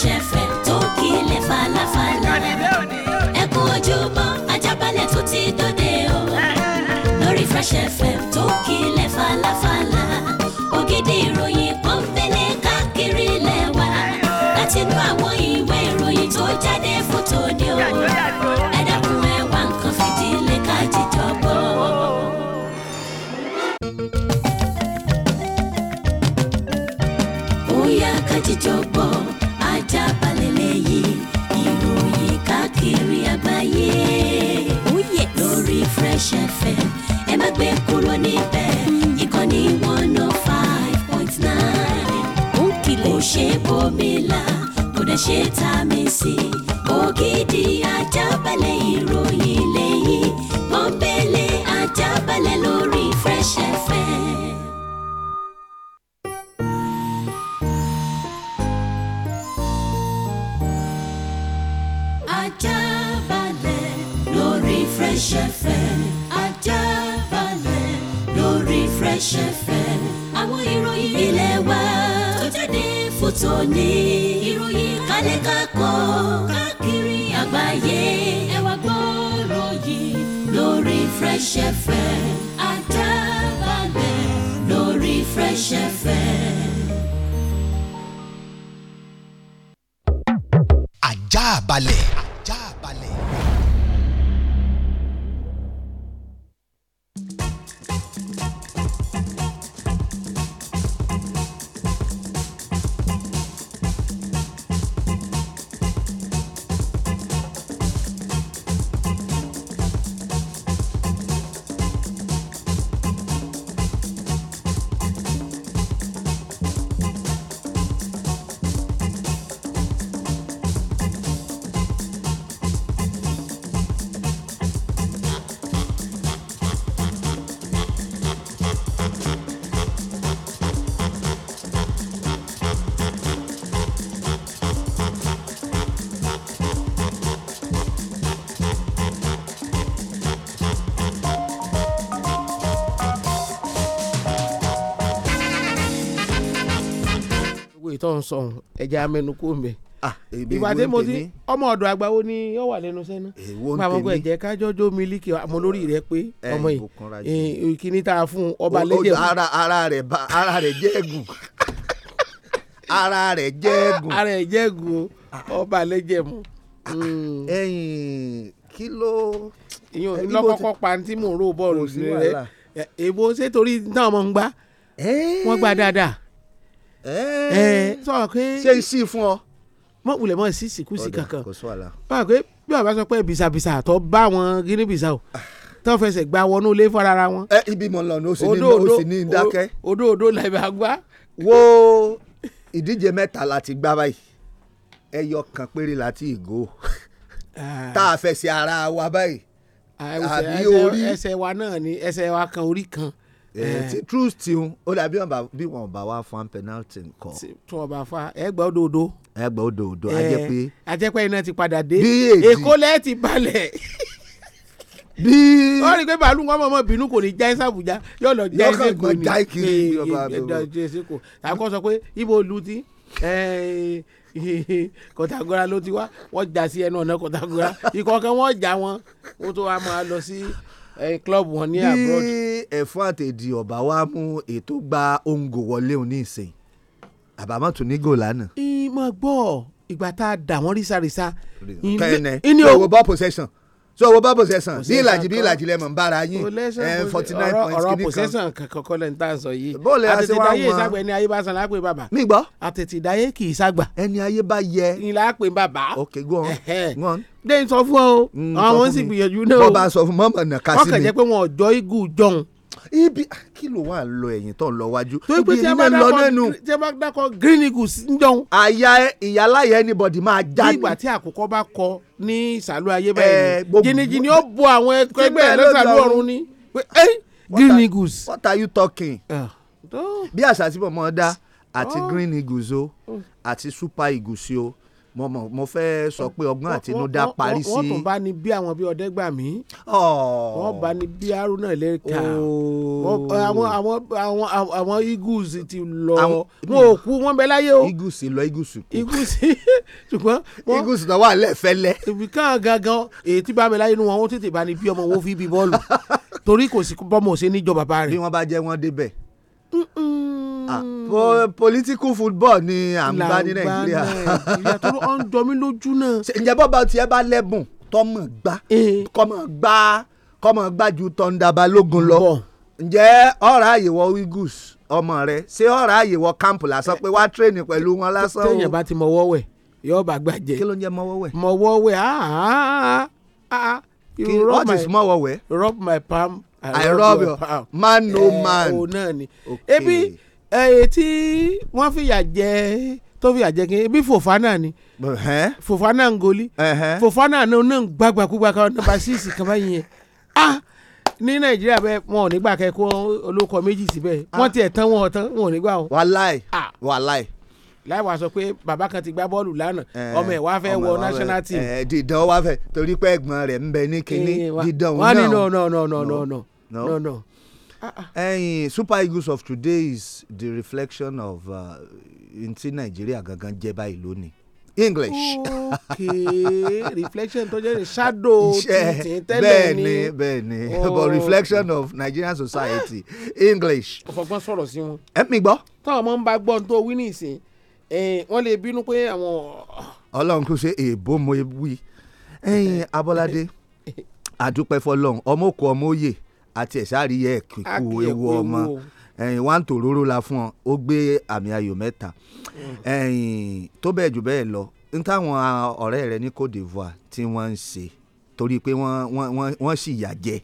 Cash ṣe tá a mi sí ògidì ajábalẹ̀ ìròyìn. tó ń sọ̀hún ẹja mẹ́nu kó mi. ìgbà tí mo ti ọmọ ọ̀dọ̀ àgbà wo ni ó wà lẹ́nu sẹ́nu. bá a mọ̀ pé ẹ̀jẹ̀ kájọ́jọ́ mílíkì àmọ́ lórí rẹ pé ọmọ yìí kíní tá a fún ọba lẹ́jẹ̀ fún. ara rẹ̀ jẹ́ ẹ̀gùn ara rẹ̀ jẹ́ ẹ̀gùn. ara rẹ̀ jẹ́ ẹ̀gùn ọba lẹ́jẹ̀ mu. Hmm. ẹyin kí ló. ìyọ̀n ní lọ́kọ́kọ́ pa ní tí mò ń rò bọ́ọ̀lù sí rẹ̀ èèbó ṣé torí náà mo ń gbá wọ́n gbá dáadáa. Eh. Eh, sọ̀rọ̀ pé ṣé n sí fún ọ. mọ wulẹ̀ mọ sí sìkú sí kankan báwo pé bí wàá bá sọ pé bisabisa tó bá wọn gíní bisau tó fẹsẹ̀ gba wọnú ilé fọ́nra wọn. ẹ eh, ibi mọ̀lá ni ó sì ní dákẹ́. odò odò làbí àgbá. wo ìdíje mẹ́ta la ti gbá báyìí ẹyọ kan péré la ti ìgò ah. tá a fẹsẹ̀ ara wa báyìí ah, àbí orí ẹsẹ̀ wa náà ni ẹsẹ̀ wa kan orí kan Eh, eh. truth ti hun ó dàbí bí wọn bá wá fan penalty nǹkan. tí wọn bá fa ẹgbẹ́ òdòdó. ẹgbẹ́ òdòdó ajẹ́pé. Eh, ajẹ́pé iná ti padà dé èkó lẹ́ẹ̀ ti balẹ̀ bí. wọ́n rí i pé bàálù wọn mọ̀mọ́ bínú kò ní já ẹ́ sàbújá yóò lọ já ẹ́ sẹ́kọ̀ọ́ ní ẹ̀ẹ́dọ̀jẹ́ sẹ́kọ̀ọ́ àkọ́ sọ pé ibo lu ti kọ̀tàgọ́ra ló ti wá wọ́n já sí ẹnu ọ̀nà kọ̀tàgọ́ra ikọ̀ kan wọ́n já wọn wọ́n tó wá máa lọ sí club wọn ní abroad. bí ẹ̀fọ́ àtẹ̀dì ọ̀bá wa mú ètò gba òǹgò wọlé òní ìsìn àbámọ̀ tún ní gòlá náà. ìmọ̀ gbọ́ ìgbà tá a dà wọ́n rísàrísà. kẹ́ẹ̀nẹ̀ ìwọ bọ́ possession so owó bá possession bí ìlàjì bí ìlàjì lẹ́mọ̀ ń bára yín eh, forty nine point kìíní kan. possession kankan kọ́ lẹ́nu tá à sọ yìí bóòlù ẹ̀ àṣẹ wa wọn àtètè ìṣàgbà ẹni ayé bá san lápè bàbá. mi gbọ́. àtètè kì í ṣàgbà. ẹni ayé bá yẹ. ni lápè bàbá. ok go on go on. dẹ́yìn sọ fún ọ mm, àwọn sì gbìyànjú náà. bọ́ọ̀ bá sọ fún mọ́mọ́ nà kásí mi. ọkàn jẹ́ pé wọn jọ igun jọun ibi ah, kí ló wà lọ ẹ̀yìn tó ń lọ wájú ibi iná lọ nẹ́nu. tí bá dákọ green eagles ń dán. àyà ìyáláyà anybody máa já. bí tí àkókò bá kọ ní ìsàlù ayé báyìí jìnnìjìnnì ó bo àwọn ẹgbẹ́ ẹ̀ lọ́sàlù ọ̀run ni green eagles. what are you talking. Ah, bí àṣà tí mo mọ̀ ọ́ dá àti oh. green eagles o àti super eagles o mo mọ mo fẹ́ sọ pé ọgbọ́n àtinúdá parí sí. wọ́n tún bá ní bí àwọn bí Ọdẹ́gbàmí. Oh. wọ́n bá ní bí Haruna Eleka. Oh. àwọn àwọn àwọn àwọn eagles ti lọ. wọn ò kú wọn bẹ láyé o. eagles lọ eagles kú. eagles ṣùgbọ́n. eagles náà wà lẹ́fẹ̀lẹ́. ìbíkàn gangan èyí tí bá mi láyé nu wọn ó tètè bá ní bí ọmọ wọn fi bí bọ́ọ̀lù torí kò sí bọ́mọ̀ ṣe níjọ bàbá rẹ̀. bí wọ́n bá jẹ́ wọ́n débẹ̀. Ah, hmm. political football ni à ń gbá ní nàìjíríà. ìyá tó ló ń jọ mí lójú náà. ǹjẹ́ bọ́ba tiẹ̀ bá lẹ́bùn tọmọ gbá kọmọ gbá kọmọ gbá ju Thunder Balógun lọ ǹjẹ́ ọ̀rọ̀ àyèwọ̀ wigus ọmọ rẹ ṣé ọ̀rọ̀ àyèwọ̀ camp lásán pé wá tírénì pẹ̀lú wọn lásán o. téèyàn bá ti mọwọ́ wẹ̀ yóò bá gbàjẹ́. kí ló ń jẹ́ mọwọ́ wẹ̀. mọwọ́ wẹ̀ áá ah, ah, you rub my rub my palm I, rub your palm man no oh eh, man. òun oh, náà ni ebi ẹyẹ tí wọ́n fìyà jẹ tó fìyà jẹ kí bí Fofana ni Fofana ń goli Fofana náà náà gbàgbàkúgbà kan nọ́mbà síìsì kan báyìí yẹn ah ní nàìjíríà bẹ́ẹ̀ wọn ò ní gbà kẹkọ olóko méjì síbẹ̀ wọ́n tiẹ̀ tán wọn tán wọn ò ní gbà wọn. wàláì wàláì. láì wàá sọ pé bàbá kan ti gbá bọ́ọ̀lù lánàá ọmọ ẹ̀ wá fẹ́ wọ national team. ẹ dìdán wá fẹ́ torí pé ẹ̀gbọ́n rẹ̀ ń bẹ ní kínní eh, dìdán òun náà. wọ́n ní no no no no no no no no Ah, ah. ẹyin super eagles of today is the reflection of uh, n ti nàìjíríà gangan jẹ báyìí lónìí english. ok reflection tó jẹ́ shadow tìǹtìǹ tẹ́lẹ̀ ni bẹ́ẹ̀ ni bẹ́ẹ̀ ni oh. but reflection of nigerian society english. ọ̀fọ̀gbọ́n sọ̀rọ̀ sí wọn. ẹ mi gbọ́. táwọn ọmọ ń bá gbọ́n tó wí ní ìsìn wọ́n lè bínú pé àwọn. ọlọ́run kò ṣe èèbó mo wí ẹyin abọ́ládé àdúpẹ́ fọlọ́run ọmọ òkú ọmọ òye àti ẹ̀sáàrí yẹ kíkú ewu ọmọ ẹ̀yìn wá ń tòróró la fún ọ ó gbé àmì ayò mẹ́ta ẹ̀yìn tó bẹ́ẹ̀ jù bẹ́ẹ̀ lọ n táwọn ọ̀rẹ́ rẹ ní Côte d'Ivoire tí wọ́n ń ṣe torí pé wọ́n sì yà jẹ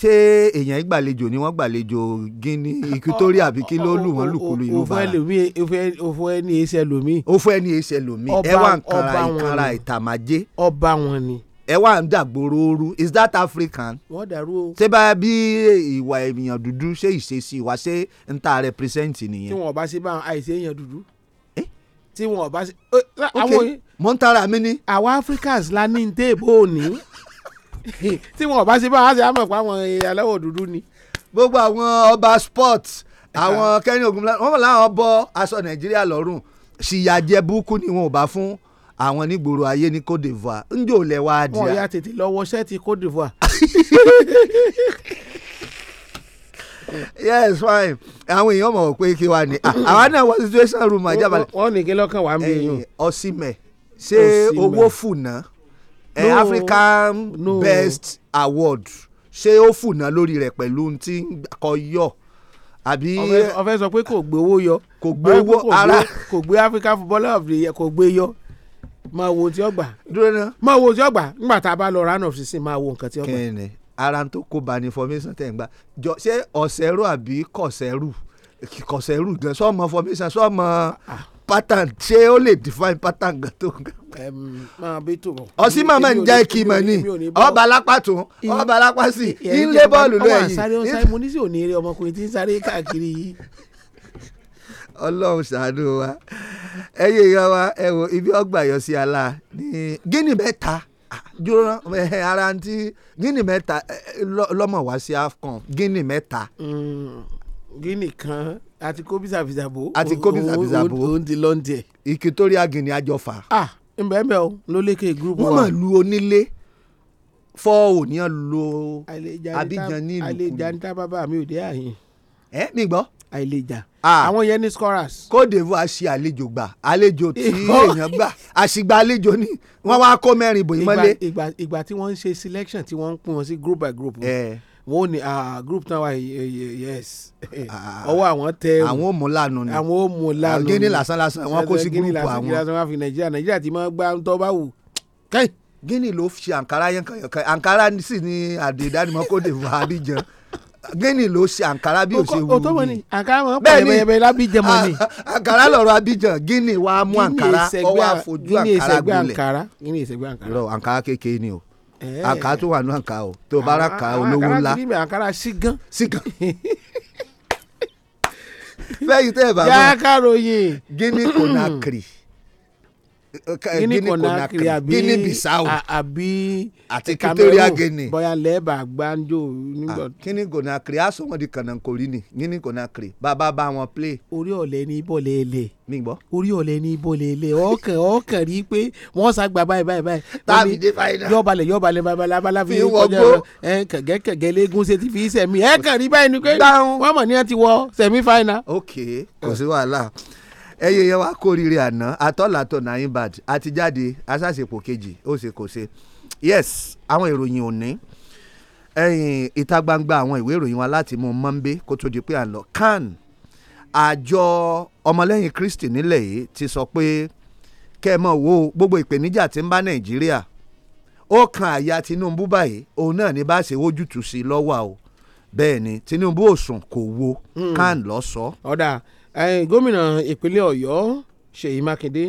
ṣé èèyàn ìgbàlejò ni wọ́n gbàlejò Guinea Equatorial àbí kí ló lù wọ́n lùkulù ìlú bara. òfò ẹni èsẹ lomi. òfò ẹni èsẹ lomi ẹ wá ń ìtàmájé. ọba wọn ni ẹ wà ń dàgbòrò ooru is that African. wọ́n dàrú o. ṣé bá bí ìwà èèyàn dúdú ṣe ìṣesí wa ṣe ń ta represent nìyẹn. tí wọn ò bá ṣe bá àìsè èèyàn dúdú eh? tí wọn ò ṣe. Eh, eh, ok mo ń tara mi ni. àwa Africans la ní téèbù òní tí wọn ò bá ṣe bá wọn ṣe àwọn èèyàn dúdú ni. gbogbo àwọn ọba sports àwọn kẹ́rin ogun wọn làwọn bọ aṣọ Nàìjíríà lọ́rùn ṣìyàjẹ burúkú ni wọn ò bá fún àwọn nígboro ayé ní cote d'Ivoire njẹ́ ò lẹ wá di. wọn yà tètè lọ wọṣẹ́ ti Côte d'Ivoire. yes fine àwọn èèyàn mọ̀ pé kí wà ní àwa náà wọ situation room àjàbalẹ̀. wọ́n ní kí lọ́kàn wà ń bí yín. ọsìmẹ̀ ṣé owó fùnà African no. Best Award ṣé ó fùnà lórí rẹ̀ pẹ̀lú ti kọ yọ àbí. ọfẹ sọ pé kò gbé owó yọ kò gbé owó ara kò gbé African Footballer of the Year kò gbé yọ máa wo tí ó gbà máa wo tí ó gbà ńgbà tá a bá lọ round of sixteen máa wo nǹkan tí ó gbà. kẹ́hìnrín ara tó kó ba ni formation tẹ̀ ń gbà jọ ṣé ọ̀sẹ̀rù àbí kọ̀sẹ̀rù kọ̀sẹ̀rù gan sọ́mọ formation sọ́mọ ah, ah. pattern ṣé ó lè define pattern gan tó gan ọsí màmá ń jẹ́ kí mọ̀ ní ọba alápá ọba alápá sí ilé bọ́ọ̀lù lóyè yìí. àwọn àṣàrí ọ̀sán ìmúnisí ò ní eré ọmọkùnrin tí ń sáré káàkiri yìí ọlọ́run ṣàánú wa ẹ̀yin èèyàn wa ẹ wo ibi ọgbà yọ sí ala ní gíní mẹ́ta jóná ara ti gíní mẹ́ta lọ́mọ wá sí afcon gíní mẹ́ta. Mm, gíní kan àti kó bísàbísà bò. àti kó bísàbísà bò ó ń ti lọ́ǹtì ẹ̀. ìkìtórí agìnì àjọfà. ah mbẹ́mbẹ́ o ló lékè group one. wọ́n mà lu onílé fọ́ òní ọ̀ lo abidjan ní ìlú kùn. àlejò àti tábàbà mi ò dé àyìn ẹ mi gbọ́. àìlèjà àwọn yẹn ní scorers. Cote d'Ivoire ṣe àlejò gbà àlejò tí èèyàn gbà àṣìgbà àlejò ni wọ́n wá kó mẹ́rin bòyí mọ́lé. ìgbà tí wọ́n ń ṣe selection tí wọ́n ń pín wọn sí group by group. Eh ní group náà wà yes ọwọ́ àwọn tẹ àwọn ò mú lánàá ni àwọn ò mú lánàá ni gíní lásán lásán wọn kó sí gúrúùpù àwọn gíní lásán wọn fi nàìjíríà nàìjíríà ti máa gbá tó bá wù. gíní ló fi ankara yẹn kan yẹn kan ankara sì ni àdìdánimọ̀ kó dé fún àdìjàn gẹ́nì ló ṣe àǹkárá bí ó ṣe wù mí. àǹkárá wọn pẹ̀lú ẹ̀yẹ̀bẹ̀ lábíjẹ́ mọ́ mi. àǹkárá lọ́rọ̀ abíjàn gíní wàá mú àǹkárá ọwọ́ àfojú àǹkárá gbolẹ̀. gíní ìṣègbè àǹkárá. irọ́ àǹkárá kékeré ni o àǹkárá eh. tó wà ní àǹkárá o tó bá ra ká olówó ńlá. àǹkárá sígán. sígán. fẹ́yìí tẹ́ ẹ̀ bá mọ̀. yàrá kàròyìn. gíní kò náà kiri guinea conakry guinea bissau àti equatorial guinea bóyá lẹ́ẹ̀bà gbáǹjọ nígbà. guinea conakry a sọ wọn di kànáńkórí ni guinea conakry bàbá bá wọn play. orí ọ̀lẹ́ ní bọ́ọ̀lẹ́ lẹ̀ mi gbọ́. orí ọ̀lẹ́ ní bọ́ọ̀lẹ́ lẹ̀ ọkàn ọkàn rí i pé wọ́n sá gba báyìí báyìí báyìí. táàbì dé fàyínà. yọbalẹ̀ yọbalẹ̀ babalabala fi wọgbó kẹ̀kẹ́ kẹ̀kẹ́ léegun ṣe ti fi sẹ̀mí ẹ̀ kàn rí báyìí ni pé wọ́n mọ̀ ní ẹ ti wọ sẹ̀mí fàyínà. ok kò sí wàhálà ẹ̀yin yẹn wá kórìíre àná atọ́làtọ̀ naimbat àti jáde aṣáṣepọ̀ kejì ó ṣe kò ṣe yes àwọn ìròyìn òní ẹ̀yìn ìta gbangba àwọn ìwé ìròyìn wa láti mú mọ́ńbé kó tó di pé à ń kan àjọ ọmọlẹ́yìn Kristi nílẹ̀ yìí ti sọ pé kẹ́ ẹ mọ̀ wo gbogbo ìpèníjà tí ń bá Nàìjíríà ó kan àyà Tinubu báyìí òun náà ní bá ṣe wójútùú sí lọ́wọ́ o bẹ́ẹ̀ ni Tinubu ò kò wo hmm. kan lọ sọ. ọ̀dà gómìnà ìpínlẹ̀ ọ̀yọ́ ṣèyí mákindé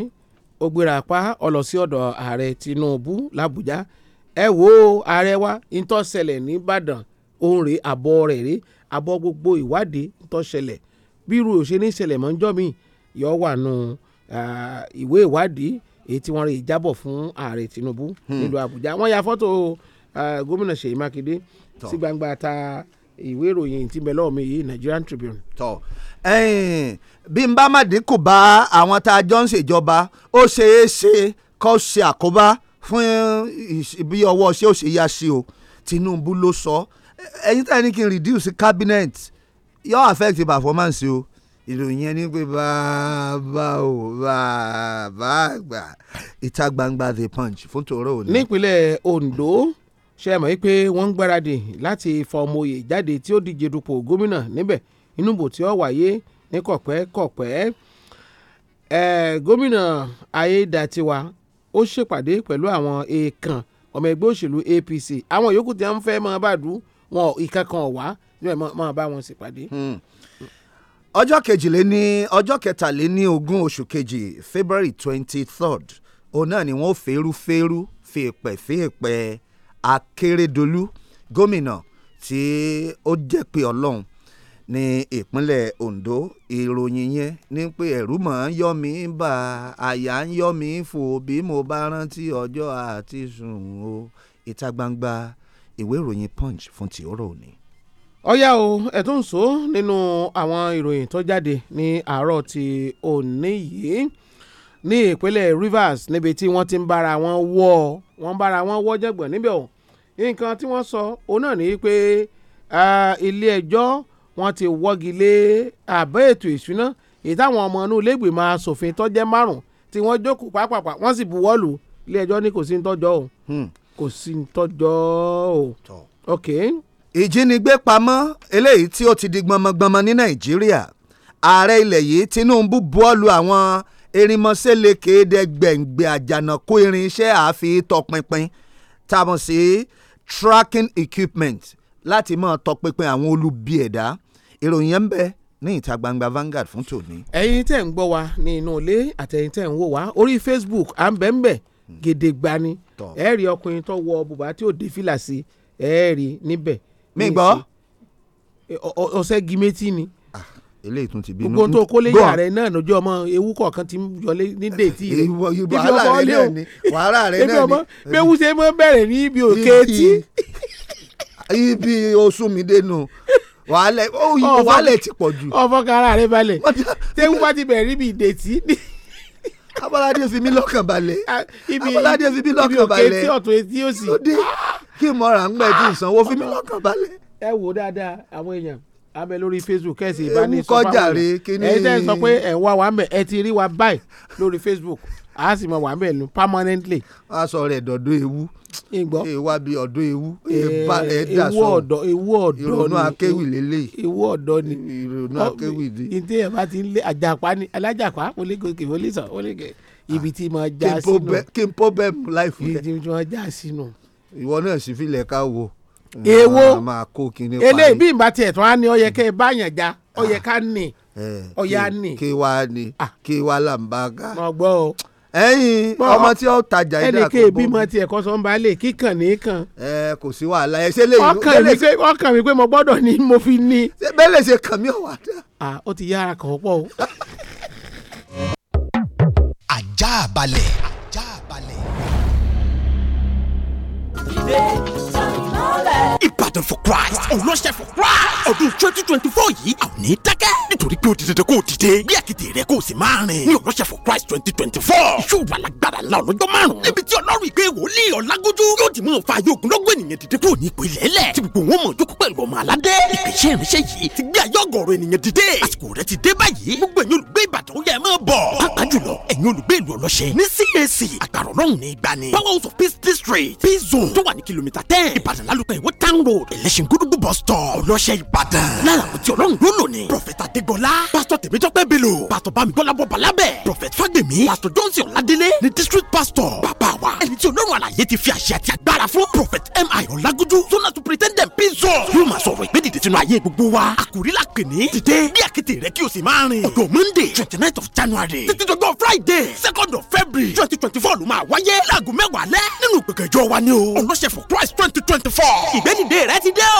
ó gbéra pa ó lọ sí ọ̀dọ̀ ààrẹ tinubu làbújá ẹ wo ààrẹ wa ìtọ́sẹ̀lẹ̀ nìbàdàn òun rèé àbọ̀ rẹ̀ rèé àbọ̀ gbogbo ìwádìí ìtọ́sẹ̀lẹ̀ bírú òṣèré ìṣẹ̀lẹ̀ mọ́jọ́ mi yọ wà nù ìwé ìwádìí èyí tí wọ́n rí ìjábọ̀ fún ààrẹ tinubu hmm. nílùú àbújá wọ́n ya fọ́tò gómìnà ṣèyí mákindé sí gbangba ta. Si ìwé ìròyìn tí ń bẹ lọ́wọ́ mi yìí Nigerian Tribune. tọ bí n bá má dínkù bá àwọn tá a jọ ń ṣèjọba ó ṣeé ṣe kó ṣe àkóbá fún bí ọwọ́ ṣé ó ṣe yá sí o Tinubu ló sọ ẹyin tá a ní kí n reduce cabinet yóò affect performance o ìròyìn yẹn pé bàbá o bàbá àgbà ìta gbangba the punch fún tòró òní. nípínlẹ̀ Ondo ṣe é mọ̀ wípé wọ́n ń gbáradì láti fọmọye jáde tí ó díje dupò gómìnà níbẹ̀ inú bò tí ó wáyé ní kọ̀pẹ́kọ̀pẹ́ gómìnà Ayédàtiwa ó ṣèpàdé pẹ̀lú àwọn èèkàn ọmọ ẹgbẹ́ òṣèlú APC àwọn yòókù tí wọ́n fẹ́ máa bá dù wọn ìkankan ọ̀wá máa bá wọn ṣèpàdé. Hmm. ọjọ́ kejìléní ọjọ́ kẹtàléní ogún oṣù kejì February twenty third òun náà ni wọ́n fẹ́rú fẹ́rú fèèpẹ̀ fèèpẹ̀ akérèdọ́lù gómìnà tí ó jẹ́ pé ọlọ́run ní ìpínlẹ̀ Ondo ìròyìn yẹn ní pé ẹ̀rù mọ̀ ń yọ mí bá àyà ń yọ mí fò bí mo bá rántí ọjọ́ àti sùn o ìta gbangba ìwé ìròyìn Punch fún ti òrò òní. ọ̀yá o ẹ̀tún so nínú àwọn ìròyìn tó jáde ní àárọ̀ ti òní yìí ní ìpínlẹ̀ Rivers níbi tí wọ́n ti ń bára wọn wọ́ wọ́n bára wọn wọ́ jẹ̀gbọ̀n níbẹ̀ o nǹkan tí wọ́n sọ òun náà ní pé ilé ẹjọ́ wọ́n ti wọ́gi lé àbá ètò ìṣúná èyí táwọn ọmọ inú ilégbèmọ̀ asòfin tọ́jẹ́ márùn tí wọ́n jókòó pápápá wọ́n sì buwọ́ lù ilé ẹjọ́ ní kò sí ní tọ́jọ́ o hmm. kò sí tọ́jọ́ o. ok ìjínigbé pamọ́ eléyìí tí ó ti di gbọmọgbọmọ ní nàìjíríà ààrẹ ilẹ̀ yìí tinubu buwọ́lu àwọn erinmọ́sẹ́ lè kéde gbẹ̀ngbẹ̀ àjànàkú irinṣẹ́ àfi tọpinpin táwọn sí tracking equipment láti máa tọpinpin àwọn olubi ẹ̀dá ìròyìn yẹn ń bẹ ní ìta gbangba Vanguard fún tòní. ẹ̀yin tẹ́ ń gbọ́ wa ní inú ilé àtẹ̀yin tẹ́ ń wò wá orí Facebook à ń bẹ́ẹ̀ bẹ́ẹ̀ hmm. gèdègbà ni ẹ rí ọkùnrin tó wọ bùbá tí ò dé fìlà sí ẹ rí níbẹ̀. mi gbọ́. ọ̀sẹ̀ gímétì ni eléyìí tún ti bínú. gbogbo tó kó léyìn ààrẹ náà lójú ọmọ ewu kọ̀ọ̀kan ti yọlé ní déètì rẹ ibi ọmọ ọlẹ́ o wàhálà rẹ náà ni ibi ọmọ bẹ́ẹ̀ wúṣẹ́ mọ́ bẹ̀rẹ̀ ní ibi òkè etí. ibi oṣù mi dénú wàhálẹ̀ wàhálẹ̀ ti pọ̀ jù. ọ̀fọ̀ kára rẹ balẹ̀ tẹ́wọ́ bá ti bẹ̀rẹ̀ níbi ìdètí abolade fi mí lọ́kàn balẹ̀ abolade fi mí lọ́kàn balẹ̀ ibi òkè tí ọ̀tún etí òsì. kí mọ̀ràn ń gbẹ̀ tí ìsanwó fi mí lọ́kàn balẹ̀. ẹ wò dáadáa àwọn èèyàn abẹ lórí facebook kẹsì ìbánisọ fáwọn ẹ tẹ sọ pé ẹ wá wa mẹ ẹ ti rí wa báyìí lórí facebook a sì mọ wa mẹ nu permanently. a sọ rẹ dọdún ewu ìgbọ́ ìwà bíi ọ̀dọ́ ewu ìbá rẹ̀ dà sọ ewu ọ̀dọ́ ìrònú akéwì lélẹ̀ ewu ọ̀dọ́ ni ìrònú akéwì ni. ìdí ẹ̀ bá ti ń lé àjàpá ni alájàpá olégòkè olésàn olégè ibi tí mo já sínú kí n pọ́ bẹ́ẹ̀ mu láìpẹ́. ibi tí mo já sínú. ìwọ náà sì fi lẹ̀ ká wo. Mm. ewo eléyìí bí ìbá tiẹ̀ tó á ní ọyẹ kẹ́ bá yàn já ọyẹ ah. ká nì ọyẹ eh, á nì. kí wá ni ah. kí wá a ọmọ tí ó tajà ilé àkókò ẹnìkè bímọ tiẹ̀ kọ́ ẹ eh, kò sí wàhálà ẹ ṣe lè mi pé mo gbọdọ ni mo fi ni. bẹ́ẹ̀ ṣe kàn mí dá. ó ti yára kàn pọ̀ o. ajá balẹ̀. ajá balẹ̀. lọ́lẹ̀. Ìbàdàn for Christ ọlọ́ṣẹ́ for Christ ọdún twenty twenty four yìí àwọn ní dákẹ́ nítorí pé ó di dandan kó o dìde bí àkìtì rẹ kó o sì máa rìn ní ọlọ́ṣẹ́ for Christ twenty twenty four yóò wà lágbára la ọlọ́jọ́ márùn-ún níbi tí ọlọ́run ìgbé wòlíì ọ̀làgójú yóò ti máa fa yóò gúnlọ́gbọ̀ ènìyàn dìde kúrò ní ipò ilẹ̀ lẹ̀ tí gbogbo wọn mọ̀ jókòó pẹ̀lú ọmọ aládé ìgbésẹ̀ ìrìnsẹ̀ yìí ti gbé ayé ọ̀gọ̀rọ̀ ènìyàn dìde àsìkò rẹ ti dé báyìí gbogbo ẹ̀yin olùgbé Ìbàdàn ó yẹ ẹ máa bọ̀ pàápàá jùlọ ẹ̀yin olùgbé ìlú ọlọ́ṣẹ́ ní CAC àgbàrọ̀ ọlọ́run ní ìgbani Power House of Peace District Peace Zone tó wà ní kìlómítà ten Ìbàdàn lálùpẹ̀ ìwó town road ẹlẹ́sìngúdùgbù bus stop ọlọ́ṣẹ́ ìbàdàn lára àwọn tí ọlọ́run ló lò ní. prophet adégbọlá pastor tèmítọ́pẹ́ bello pastor bámigbọ́lá bọ́balábẹ̀ prophet fagbemi pastor johnson ọ̀ladélé ni district pastor bàbá wa ẹni tí ọlọ́run àlàyé ti fi àṣẹ àti agbára fún prophet mi ọ̀làgúdú zona superintendent pinson yóò máa sọ̀rọ̀ ìgbédìde sínú ayé gbogbo wa àkòrí la pè ní dìde bí àkété rẹ kí o sì máa rìn ọjọ́ monday twenty nine of january títí dọjọ́ friday second of february twenty twenty four ló máa wáyé láago mẹ́wàá lẹ́ nínú gbẹ̀gẹ̀jọ wa ni o ọlọ́ṣẹ̀fọ̀ christ twenty twenty four ìgbénìde rẹ ti dé o.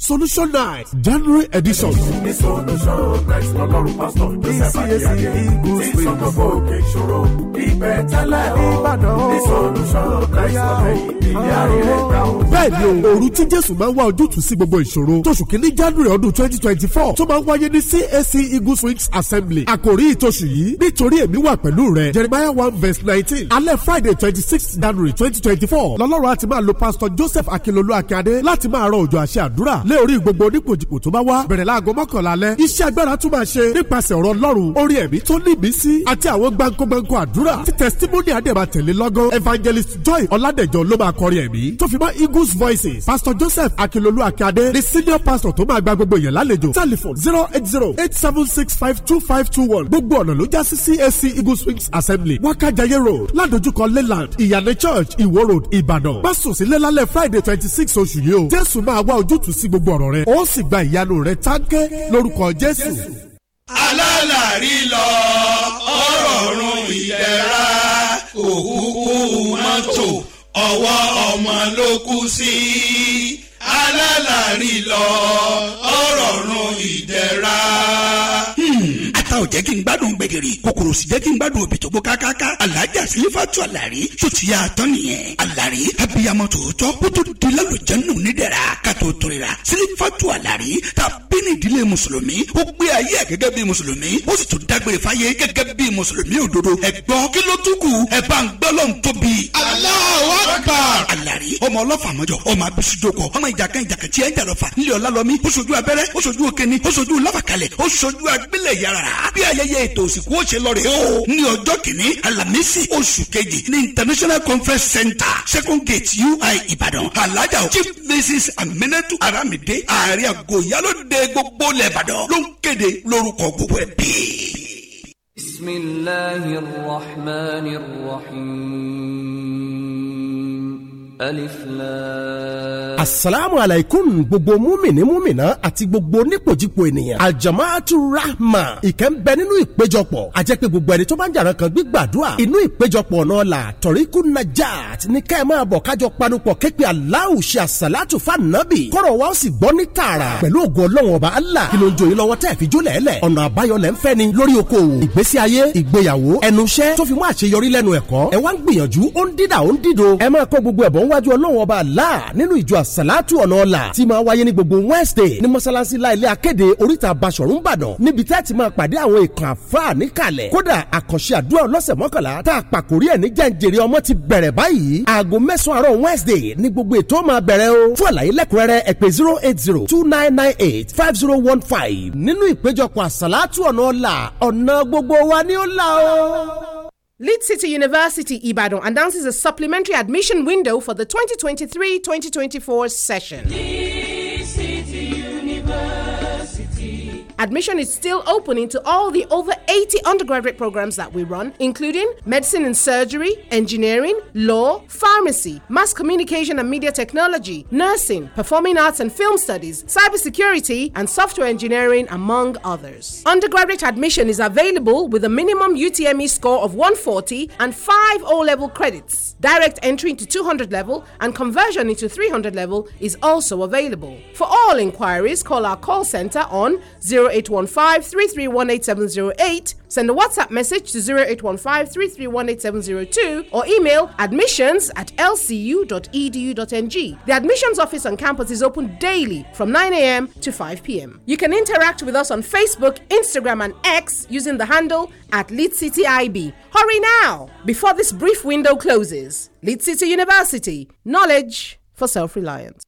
solution night january edition. ní solution christ lọ́lọ́run pásítọ̀ joseph akínyàkẹ́ ní sọ́kòkò òkè ìṣòro ibẹ̀ tẹ́lẹ̀ o ní solution christ lọ́lọ́run ìdí àríyá bẹ́ẹ̀ni o òru tí jésù máa ń wá ojútùú sí gbogbo ìṣòro tóṣù kínní january ọdún twenty twenty four tó máa ń wáyé ní cac eagles wings assembly àkòrí ìtòṣù yìí nítorí èmi wà pẹ̀lú rẹ jeremiah one verse nineteen alẹ́ friday twenty six january twenty twenty four lọ́lọ́run àti máa lo pastor joseph akilolu Akade. láti máa rọ òjò àṣẹ àdúrà lé orí gbogbo onípojìpò tó bá wá bẹ̀rẹ̀ láago mọ́kànlá alẹ́ iṣẹ́ agbára tún máa ṣe nípasẹ̀ ọ̀rọ̀ ọlọ́run orí ẹ̀mí tó ní ìmísí àti àwọn gbáǹkógbáǹkó àdúrà tí testimony àdèmà tẹ̀lé lọ́gán evangelist joy ọ̀làdẹ̀jọ ló máa kọrin ẹ̀mí tó fi mọ́ eagles voices pastor joseph akilolu akade ni senior pastor tó máa gba gbogbo èèyàn lálejò telephone zero eight zero eight seven six five two five two one gbogbo ọ̀nà ló já sí assembly wákàjáyé road ládojúkọ leyland ìyànà church ìwó road ìbàdàn bá sùn sílẹ̀ friday twenty six oṣù yìí o jésù máa wá ojútùú gbogbo ọ̀rọ̀ rẹ ó sì gba ìyanu rẹ tágẹ́ lórúkọ Jésù. alálàrí lọ ọ̀rọ̀ ọ̀run ìdẹ̀ra òkúkú mọ́tò ọwọ́ ọmọ ló kú sí alálàrí lọ ọ̀rọ̀ ọ̀run ìdẹ̀ra ò jẹ́ kí n gbádùn gbẹ̀gìrì kòkòrò sì jẹ́ kí n gbádùn òbí tó gbó kákáká alájà sílífàtú àlàrí tó ti yà tán nìyẹn àlàrí abiyamọ tòótọ́ ó tó di lálùjẹ́nù nídẹ̀ra kàtó torira sílífàtú àlàrí ta bíní ìdílé mùsùlùmí ó gbé ayé ẹ̀ gẹ́gẹ́ bí mùsùlùmí ó sì tún dágbére fáyé gẹ́gẹ́ bí mùsùlùmí òdodo ẹ gbọ́ kí ló tún kù ẹ bá ń gbọ́ lọ́n tóbi. Allahu Akbar. àlàrí ọmọ ọlọ́fà mọ́jọ ọmọ abisudoko ọmọ ìjàkan ìjàkan tí ń jà ńlẹ̀ ọ̀la lọ́mí abẹ́rẹ́ ó ṣojú òkèni ó ṣojú agbélẹ̀ yàrá bí ayẹyẹ ètò òsìnkú ó ṣe lọ rèé o ní ọjọ́ kìíní alamisi oṣù kejì ní international conference center second gate ui ìbàdàn alájà chief mrs aminatu aramide ààrẹ àgọ́yálóde gbogbo lẹ́bàdàn ló ń kéde lórúkọ gbogbo ẹbí. بسم الله الرحمن الرحيم asalaamu alaykum gbogbo múmìnì múmìnà àti gbogbo onípòjìpò ènìyàn àjàmátu rahma ìkẹ́ ń bẹ nínú ìpéjọpọ̀ àjẹ́ pé gbogbo ẹni tó bá ń jàrán kan gbígbàdúrà inú ìpéjọpọ̀ náà la tọ̀ríkù najat ní kẹ́ ẹ máa bọ̀ kájọ panupọ̀ képe aláwù ṣe àsàlátù fànàbì kọ́rọ̀ wa ó sì gbọ́ ní tààrà pẹ̀lú ògo ọlọ́run ọba allah kí ló ń joyin lọ́wọ́ tẹ́ fi jó lẹ́lẹ̀ ọ̀nà àbáyọ lẹ́ ń fẹ́ ni lórí okòwò ìgbésí ayé ìgbéyàwó níwájú ọlọ́run ọba àlá nínú ìjọ àsàlátù ọ̀nà ọ̀la tí máa wáyé ní gbogbo wednesday ní mọ́sálásí láìlé akéde oríta basọ̀rún ìbàdàn níbi tá a ti máa pàdé àwọn ìkàn àfáà níkàlẹ̀ kódà àkànṣe àdúrà ọlọ́sẹ̀ mọ́kànlá tá a pàkórí ẹ̀ ní jàǹjẹ̀rẹ̀ ọmọ ti bẹ̀rẹ̀ báyìí aago mẹ́sàn-án àárọ̀ wednesday ní gbogbo ètò máa bẹ̀rẹ̀ o fún àlàyé lẹ́kùnrẹ́rẹ́ ẹ zero eight zero two nine nine eight five zero one five nínú ìpéjọpọ̀ àsàlátù ọ̀nà ọ̀la ọ̀nà gbogbo wa ni ó là o. Lead City University Ibadan announces a supplementary admission window for the 2023 2024 session. Admission is still open into all the over 80 undergraduate programs that we run, including medicine and surgery, engineering, law, pharmacy, mass communication and media technology, nursing, performing arts and film studies, cybersecurity, and software engineering, among others. Undergraduate admission is available with a minimum UTME score of 140 and 5 O level credits. Direct entry into 200 level and conversion into 300 level is also available. For all inquiries, call our call center on 0 815 331 send a WhatsApp message to 815 331 or email admissions at lcu.edu.ng. The admissions office on campus is open daily from 9 a.m. to 5 p.m. You can interact with us on Facebook, Instagram, and X using the handle at Lead Hurry now before this brief window closes. Lead City University, knowledge for self reliance.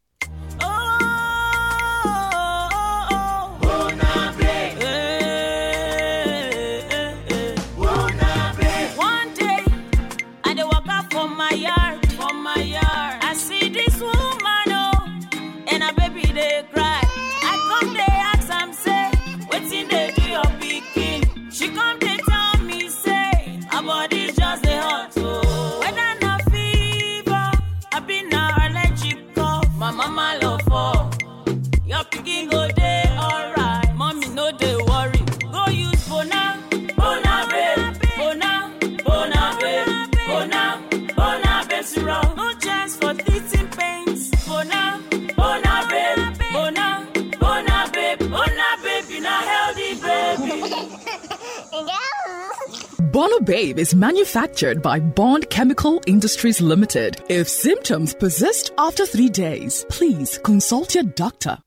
is manufactured by Bond Chemical Industries Limited. If symptoms persist after three days, please consult your doctor.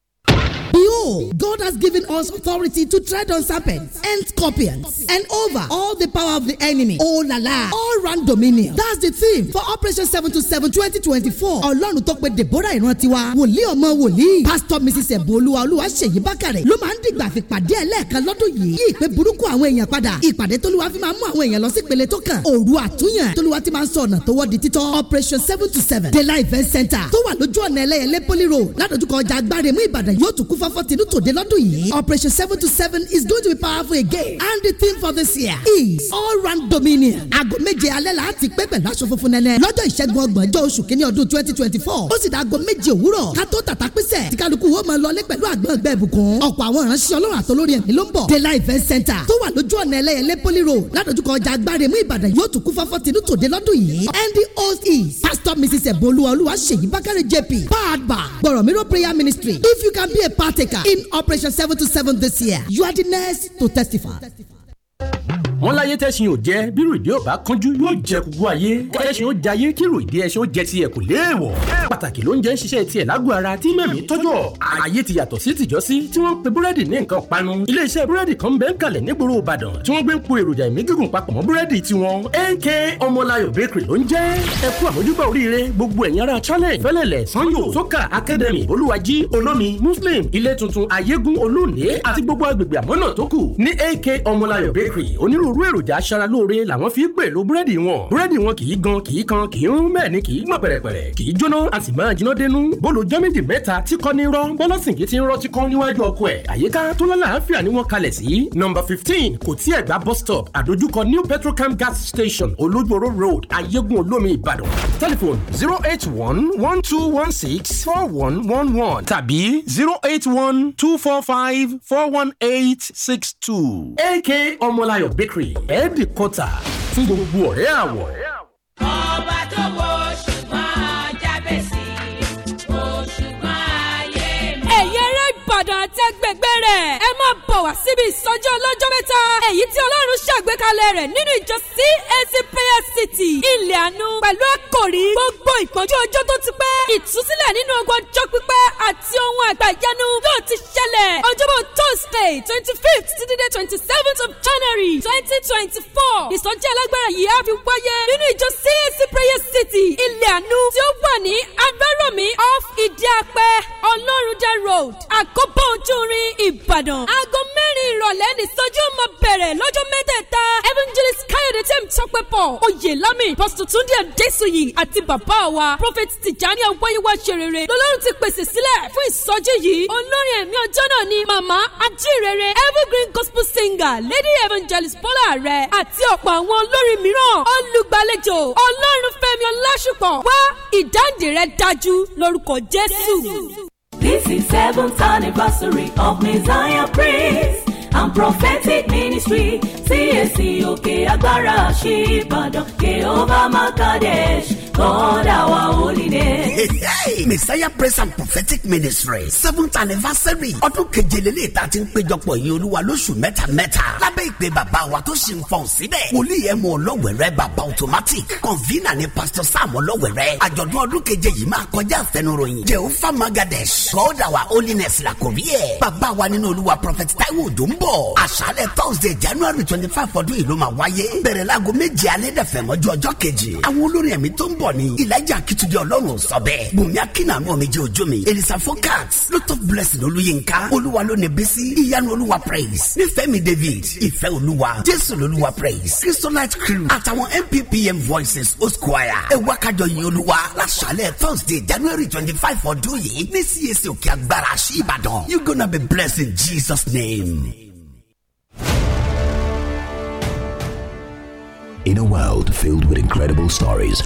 Behold, God has given us authority to tread on serpents and scorpions and over all the power of the enemy. Oh la la, all round dominion. That's the theme for Operation 727 2024. Ọlọ́run tó pe Deborah ìrántí wa, wòlíì ọmọ wòlíì, Pastor Mrs. Ẹ̀bùolúwa Olúwa ṣèyí Bákàrẹ̀ ló máa ń dìgbà fi pàdé ẹlẹ́ẹ̀kan lọ́dún yìí. Yí ìpè burúkú àwọn èèyàn padà. Ìpàdé tóluwa fi máa mú àwọn èèyàn lọ sí ìpele tó kàn. Òru àtúnyàn tóluwa ti máa ń sọ ọ̀nà tó wọ́ di títọ́. Operation 727 Daylight Event Center tó wà lójú ọ̀nà ẹlẹ́yẹlé Poly Road ládojúkọ ọjà agbáremú Ìbàdàn yóò tún kú fọ́fọ́ tìlú tòde lọ́dún yìí operation seven to seven is going to be powerful again and the theme for this year is all round dominion. aago méje alẹ́ la ti pé pẹ̀lú aṣọ funfun nẹ́nẹ́ lọ́jọ́ ìṣẹ́gun ọgbọ̀njọ́ oṣù kínní ọdún twenty twenty four ó sì dá aago méje òwúrọ̀ ká tó tàtà písẹ̀ tí kálukú wo máa lọlé pẹ̀lú àgbọn ẹgbẹ́ ìbùkún ọ̀pọ̀ àwọn ìránṣẹ́ ọlọ́run àtolórí ẹ̀mí ló ń bọ̀ daylight event center tó wà lójú ọ̀nà ẹlẹ́yẹlé poli road ládojúkọ ọjà agbára mú ìbàdàn yóò tún kú fọ́fọ́ tinú tòde lọ́dún yìí and the host is pastor mrs ẹ̀bùn olúwa olúwa ṣèyí bákàrẹ̀ jp powered by gbọ̀rọ̀míró prayer ministry if you can be a part in Operation 7 to 7 this year. You are the next to testify. wọ́n láyé tẹ́sìn ò jẹ́ bírò ìdí ò bá kánjú yóò jẹ gbogbo ayé tẹ́sìn ó jayé kírò ìdí ẹṣin ó jẹ tiẹ̀ kò léèwọ̀ pàtàkì ló ń jẹ́ ń ṣiṣẹ́ tiẹ̀ lágọ̀ ara tí mẹ́mí tọ́jọ́ ayé ti yàtọ̀ sí tìjọ́sí tí wọ́n ń pe búrẹ́dì ní nǹkan panu iléeṣẹ́ búrẹ́dì kan bẹ́ẹ̀ kalẹ̀ nígboro Ìbàdàn tí wọ́n gbé ń po èròjà ìmí gígùn papọ̀ mọ́ búrẹ́dì tiwọn AK Ọmọláyọ̀ bakery ló ń jẹ́ ẹ kú challenge fẹ́lẹ̀lẹ̀ sanyo soka academy olúwají olómi muslim ilé tuntun ayégún olóòní àti gbogbo agbègbè àmọ́nà tó AK Ọmọláyọ̀ bakery onírú onírúurú èròjà aṣara lóore làwọn fi pèlò búrẹ́dì wọn búrẹ́dì wọn kì í gan kì í kan kì í rún bẹ́ẹ̀ ni kì í gbọ̀n pẹ̀rẹ̀pẹ̀rẹ̀ kì í jóná a sì máa jiná dénú bólú jọ́mídì mẹ́ta tí kọ́ ní rọ́ bọ́lọ́sìnkì ti ń rọ́ tí kọ́ níwájú ọkọ ẹ̀ àyíká tó lọ́la àáfíà ni wọ́n kalẹ̀ sí. nọ́mbà fifteen kò tí ẹ̀ gba bus stop àdójúkọ new petrocam gas station olójúoró road ayégun olómi ìbàdàn telephone zero eight one one two one six four one one one tàbí zero eight one two four five four one eight six two. ak ọmọláyọ̀ bakery three ẹ̀ẹ́dì kọta fún gbogbo ọ̀rẹ́ àwọ̀. ọba tó ìbàdàn àti ẹgbẹ̀gbẹ̀ rẹ̀ ẹ máa bọ̀ wá síbi ìsọjí ọlọ́jọ́ mẹ́ta èyí tí ọlọ́run ṣàgbékalẹ̀ rẹ̀ nínú ìjọ CAC prayer city ilẹ̀ àánú pẹ̀lú àkòrí gbogbo ìpọ́njú ọjọ́ tó ti pẹ́ ìtúsílẹ̀ nínú ogun ọjọ́ pípẹ́ àti ohun àgbàyanu yóò ti ṣẹlẹ̀ ọjọ́bọ̀ thursday twenty fifth títí dé twenty seventh of january twenty twenty four ìsọjí alágbára yìí á fi wáyé nínú ìjọ CAC prayer city ilẹ̀ àánú tí ó wà ní agbẹ́rọ̀mí off ìdí apẹ́ ọlọ́run road àkóbọ̀ mi pásítọ̀ túndé adésòyì àti bàbá wa prọfẹ̀tì tìjàní ọgbọ́yíwá ṣerere lọ́lọ́run ti pèsè sílẹ̀ fún ìsọjí yìí olórin ẹ̀mí ọjọ́ náà ni màmá ajírere evergreen gospel singer lady evangelist bọ́lá rẹ̀ àti ọ̀pọ̀ àwọn olórin mìíràn olùgbàlejò ọlọ́run fẹ́mi ọlásùpọ̀ wá ìdáǹdè rẹ̀ dájú lórúkọ jésù. this is seventh anniversary of messiah praise and prophetic ministry CAC òkè agbára ṣí Ìbàdàn Jehovah Makadesh God our holiness. Messiah Praise and Prophetic Ministry seventh anniversary ọdún kejelele ta ti ń péjọpọ̀ yìí olúwa lóṣù mẹ́ta-mẹ́ta lábẹ́ ìpè bàbá wa tó ṣe ń fọ̀n síbẹ̀ wòlíì ẹ̀mú ọlọ́wẹ̀rẹ́ bàbá automatic convener ni pastor Sam ọlọ́wẹ̀rẹ́ àjọ̀dún ọdún keje yìí máa kọjá àfẹnuròyìn Jehova Magadesh God our holiness làkòrí ẹ̀ bàbá wa nínú olúwa prophet Taiwo Ojo ń àṣálẹ̀ Thursday January twenty five ọdún yìí ló máa wáyé bẹ̀rẹ̀ láago méje alẹ́ dẹ̀fẹ̀ mọ́jú ọjọ́ kejì b pọ̀ ni ìlàjà akitunde ọlọ́run sọ bẹ́ẹ̀ bùnmi akínàánú ọ̀mẹjẹ ojú mi elisa focus lot blessing olúyinka olúwa lónìí bísí ìyanu olúwa praise nífẹ̀mí david ìfẹ́ olúwa jésù lolúwa praise christolite crew àtàwọn mppm voices osquire ẹ kájọ yin olúwa láṣálẹ̀ thursday january twenty five ọdún yìí ní cac òkè agbára sí ìbàdàn you gonna be blessed in jesus name. In a world filled with incredible stories,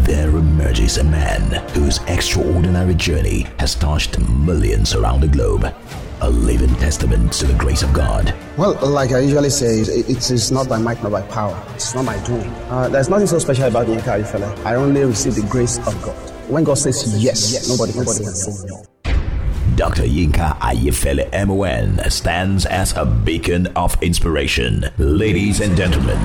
there emerges a man whose extraordinary journey has touched millions around the globe. A living testament to the grace of God. Well, like I usually say, it is not by might nor by power. It's not my doing. Uh, there's nothing so special about Yinka fella. I only receive the grace of God. When God says yes, yes nobody, nobody can say no. Dr. Yinka Ayefele MON stands as a beacon of inspiration. Ladies and gentlemen,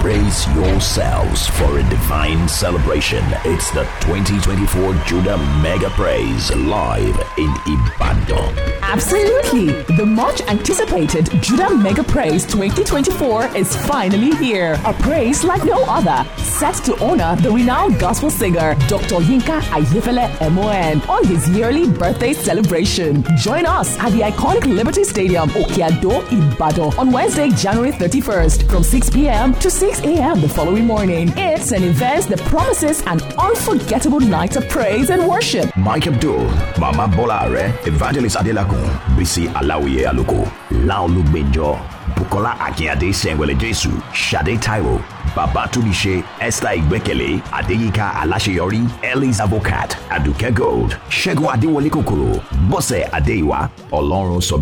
Brace yourselves for a divine celebration. It's the 2024 Judah Mega Praise live in Ibadan. Absolutely. The much anticipated Judah Mega Praise 2024 is finally here. A praise like no other, set to honor the renowned gospel singer Dr. Yinka Ayefele Moen on his yearly birthday celebration. Join us at the iconic Liberty Stadium, Okeado, Ibadan on Wednesday, January 31st from 6 p.m. to 6 a.m. the following morning. It's an event that promises an unforgettable night of praise and worship. Mike Abdul, Mama Bolare, Evangelist Adelakun, Bisi Alawiye Aluko, Laolu Benjo, Bukola Akínyàdé Sẹ̀ngwẹ̀lẹ̀ Jésù, Ṣadé Táíwò, Babatunde, Esther Ìgbẹ́kẹ̀lé, Adeyika Aláṣeyọrí, Ellis Avocat, Aduke Gold, Shegu Adéwọlé Kòkòrò, Bọ́sẹ̀ Adéìwá, Ọlọ́run sọ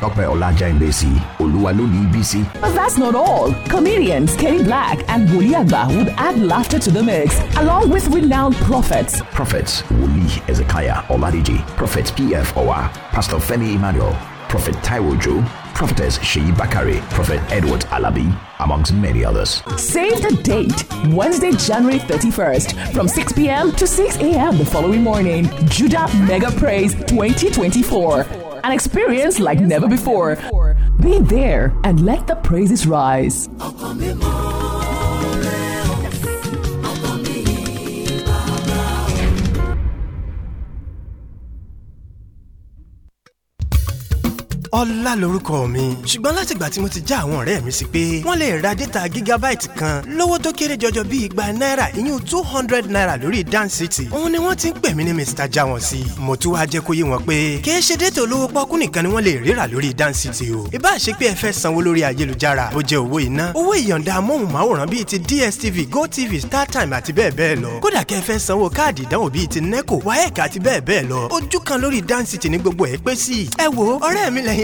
Dr. Mbesi, Oluwaluni But that's not all. Comedians Kenny Black and Wuli Agba would add laughter to the mix, along with renowned prophets. Prophets Wuli Ezekiah Oladiji, Prophet P.F. Owa, Pastor Femi Emmanuel, Prophet Taiwo Joe, Prophetess Sheyi Bakari, Prophet Edward Alabi, amongst many others. Save the date, Wednesday, January 31st, from 6 p.m. to 6 a.m. the following morning. Judah Mega Praise 2024 an experience like never before. Be there and let the praises rise. ọlá lorúkọ mi ṣùgbọ́n látìgbà tí mo ti já àwọn ọ̀rẹ́ mi sí pé wọ́n lè ra dẹ́ta gígábáìtì kan lówó tó kéré jọjọ bíi igba náírà ìyún two hundred naira lórí dan city òun ni wọ́n ti ń pè mí ní mr jawansi mo tún wáá jẹ́ kó yé wọn pé kìí ṣe dẹ́tà olówó pọ́kú nìkan ni wọ́n lè ríra lórí dan city o ìbá ṣe pé ẹ fẹ́ sanwó lórí ayélujára ó jẹ́ owó iná owó ìyọ̀ǹda amóhùnmáwòrán bíi ti dstv gotv startime àti bẹ́ẹ̀ bẹ́ẹ̀ lọ kódà kẹ́ fẹ́ sanwó káàdì ìdánwò bíi ti neco waec àti bẹ́ẹ̀ bẹ́ẹ̀ lọ ojú kan lórí dan city ní gbogbo ẹ̀ pé sí ẹ wo ọ̀rẹ́ mi lẹ́yìn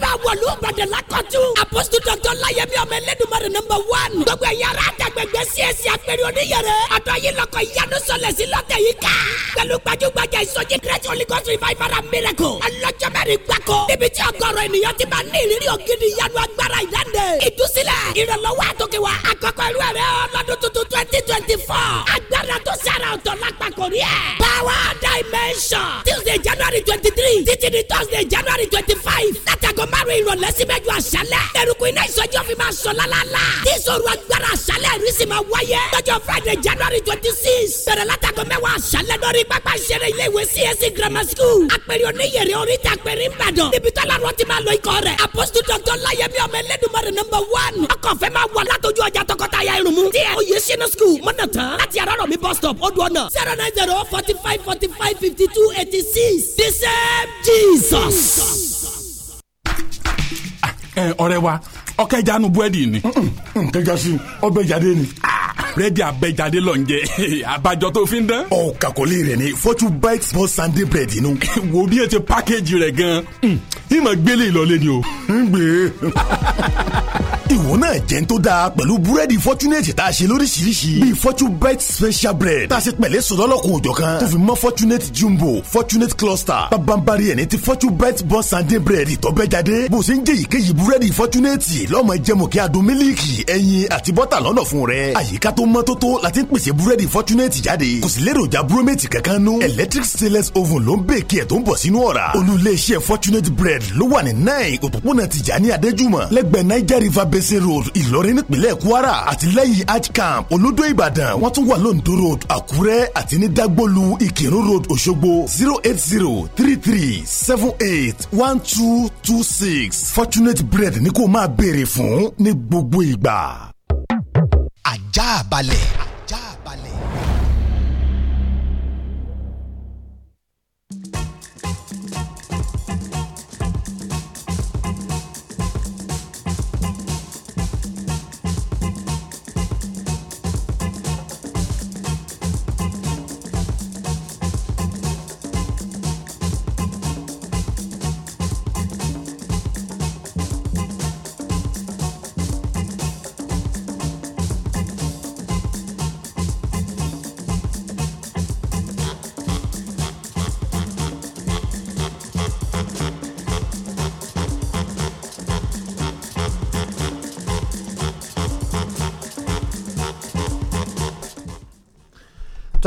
tó bá wọ̀lú ìbàdàn lákọ̀tún. apọ́sítù dọ́kítọ̀ láyẹ̀mí ọmọ ẹlẹ́dùnmọ́rẹ̀ nọmba wán. gbogbo ẹ̀yà ara àtàgbẹ̀gbẹ̀ csc apẹ̀rẹ̀ oníyẹrẹ. àtọ̀ yìí lọkọ̀ ìyanu sọlẹ̀ sí lọ́tẹ̀ yìí ká. pẹ̀lú gbajúgbajà ìsọjí grace holy gods revival and miracle. ọlọ́jọ́ mẹ́rin gbáko. níbi tí ọgọ́rọ̀ ènìyàn ti máa ní ìrírí ògidì ìyanu agbára ìdáǹdè. ìdúsílẹ̀ ìrànlọ́wọ́ àtòkèwà. àkọ́kọ́ irú ẹ̀rẹ́ ọlọ́dún tuntun twenty twenty four. agbára tó sára ọ̀tọ̀ lápapọ̀ rí ẹ̀. power dimension. tuesday january twenty three títí di thursday january twenty five. látàgọ́ márùn-ún ìrọ̀lẹ́ sí mẹ́jọ àṣálẹ̀. eruku iná ìsọjí òfin máa sọ lálálá. tí ìṣòro agbára àṣálẹ̀ rí sì máa wáyé. lọ́jọ́ friday january twenty six. bẹ̀rẹ̀ látàgọ́ mẹ́wàá àṣálẹ̀ lórí pápá ìṣeré ilé ìwé csc grammar school. àpèrè oníyèrè oríta àpèrè ìbàdàn. níbi tó lárọ ti máa lọ ikọ̀ rẹ̀. apostle doctor láyẹmí ọmọ ẹlẹ́dùnmọ́rẹ̀ number one. ọkọ̀ fẹ́ máa wà látọjú ọjà tọkọtaya irunmu. díẹ̀ oyè sinu school mọ́nà tán. láti àrọ́rọ̀ mi bus stop odò ọ̀nà. zero nine zero forty five forty five fifty two eighty six. the same jesus. ọrẹ wa ọkẹjanu bú ẹdín ni. nkẹjọ mm, sí ọbẹ jáde ni. Ah, búrẹ́dì abẹ́jáde lọ ń jẹ abajọ tó fi ń dán. ọ kàkọ́lé rẹ ni fortune bite small sunday bread inú. wo bí ẹ ti pákéjì rẹ gan hmm. ìmọ̀ gbélé ìlọlẹ́ e ni o. ń gbé ìwọ náà jẹ́ tó dáa pẹ̀lú búrẹ́dì fọ́túnẹ̀tì tá a ṣe lóríṣiríṣi bíi fọ́túbẹ́t special bread tá a ṣe pẹ̀lẹ́ sọ̀dọ́lọ́kun òjọ̀ kan tó fi mọ́ fọ́túnẹ̀tì jumbo fọ́túnẹ̀tì cluster pabambari ẹni ti fọ́túbẹ́t bọ́ sàndé búrẹ́dì tó bẹ́ jáde bó ṣe ń jẹ ìkéyìí búrẹ́dì fọ́túnẹ̀tì lọ́mọ jẹmọ̀kẹ́ adùn mílíkì ẹyin àti bọ́tà lọ́nà fún rẹ àyíká tó mọ́tótó la ti ń pèsè búrẹ́dì fọ́túnẹ́tì jáde kò sí léròjà búrómẹ́tì kankan nú. electric stainless oven ló ń bèkì ẹ̀ tó ń bọ̀ sínú ọ̀rá. olùléeṣẹ́ fortunate bread ló wà ní nine òpópónà Tìjání Adéjùmọ̀ lẹ́gbẹ̀ẹ́ niger river basin road ìlọrin nípínlẹ̀ kwara àti lẹ́yìn arch camp olódó ìbàdàn wọ́n tún wà lóńdó road àkúrẹ́ àti ní dagbolu ìkírun road òṣogbo zero eight zero three three seven eight one two two six fortunate bread ní kó máa béèrè fún ní gbogbo ìgbà ajá balẹ̀.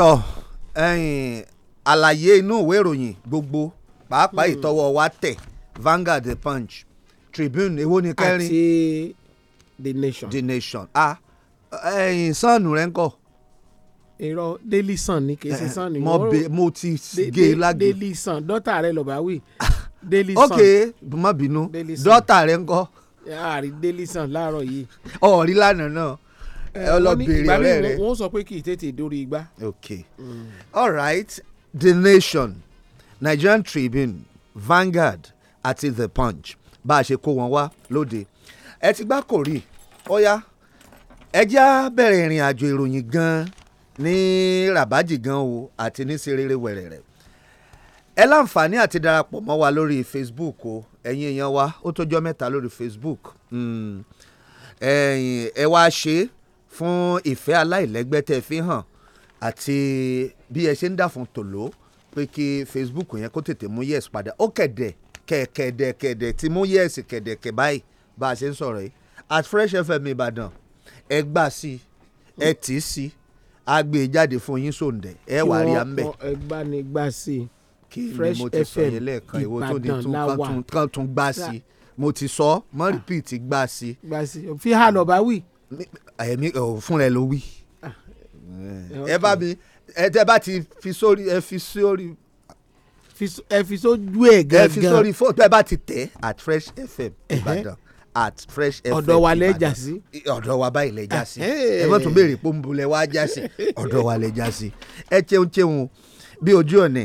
tọ́ àlàyé inú ìwé ìròyìn gbogbo pàápàá hmm. ìtọ́wọ́ wa tẹ̀ Vanguard the Punch Tribune èwo ni kẹrin àti the Nation the Nation ah ẹyin rẹ ń kọ. irọ́ Daily Sun ni kìí ṣe ni. mo be mo ti gé e lágé. Daily Sun dọ́tà rẹ lọ́ba wí. Ah, Daily Sun ok má bínú dọ́tà rẹ ń kọ. àrí Daily Sun láàárọ̀ yìí. ọ̀rí lánàá náà ọlọ́bìnrin ọ̀rẹ́ rẹ. wọ́n sọ pé kì í tètè dórí igbá. okay mm. all right the nation nigerian tribune Vanguard àti the punch bá a ṣe kó wọn wá lóde ẹ ti gbá kò rí ọyá ẹ já bẹ̀rẹ̀ ìrìn àjò ìròyìn gan ní rabaji gan o àti ní serere wẹ̀rẹ̀ rẹ̀ ẹ láǹfààní àti darapọ̀ mọ́ wa lórí Facebook o ẹ̀yin èèyàn wa ó tọ́jọ́ mẹ́ta lórí Facebook hmm. ẹ wá ṣe é fún ìfẹ́ aláìlẹ́gbẹ́ tẹ́ fi hàn àti bí ẹ ṣe ń dà fún tòló pé kí Facebook yẹn kó tètè mú yes padà ó kẹ̀dẹ̀ kẹ̀kẹ̀dẹ̀ kẹ̀dẹ̀ ti mú yes kẹ̀dẹ̀kẹ̀ báyìí bá a ṣe ń sọ̀rọ̀ yìí at Fresh FM Ìbàdàn ẹ gbà sí ẹ tì í sí a gbé e jáde fún yín sóǹdẹ̀ ẹ wà á rí à ń bẹ̀. kí wọn ẹgbà ni gbà sí i Fresh FM Ìbàdàn láwà kan tún gbà sí i mo ti sọ mọ́ repeat gbà sí i. gbà sí i fi hàn ọ̀bá ẹ̀mí eh, eh, fúnra ẹ ló wí ah. eh, ẹ bá mi ẹ tẹ bá ti fi sórí ẹ fi sórí. ẹ fi sójú ẹ gangan ẹ fi sórí fóònù tẹ bá ti tẹ at fresh fm ìbàdàn at fresh fm ọ̀dọ̀ wa lẹ já sí. ọ̀dọ̀ wa báyìí lẹ já sí ah, ẹ mọ̀ tún béèrè pọ́ńbù lẹ wá já sí ọ̀dọ̀ wa lẹ já sí ẹ cheun cheun bí ojú ọ̀nà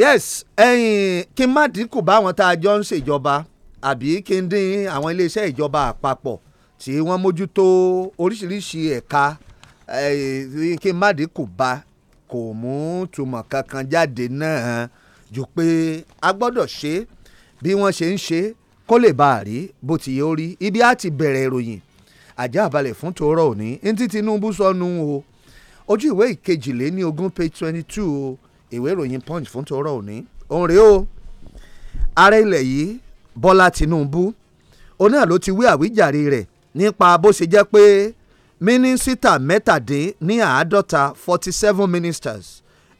yes ẹyin kí n má dínkù bá àwọn tá a jọ ń ṣèjọba àbí kí n dín àwọn iléeṣẹ́ ìjọba àpapọ̀ tí wọ́n mójútó oríṣiríṣi ẹ̀ka eh, kí mádì kò bá kò mú túmọ̀ kankan jáde náà ju pé a gbọ́dọ̀ ṣe bí wọ́n ṣe ń ṣe kó lè bá a rí bó ti yẹ rí ibi á ti bẹ̀rẹ̀ ìròyìn àjá àbalẹ̀ fún tòórọ́ òní ntí Tinubu sọnù o ojú ìwé ìkejìléní ogún page twenty two o ìwé ìròyìn punch fún tòórọ́ òní òun rèé o ààrẹ ilẹ̀ yìí Bọ́lá Tinubu òun náà ló ti wí àwíjàre rẹ̀ nípa bó ṣe jẹ́ pé mínísítà mẹ́tàdín ní àádọ́ta forty seven ministers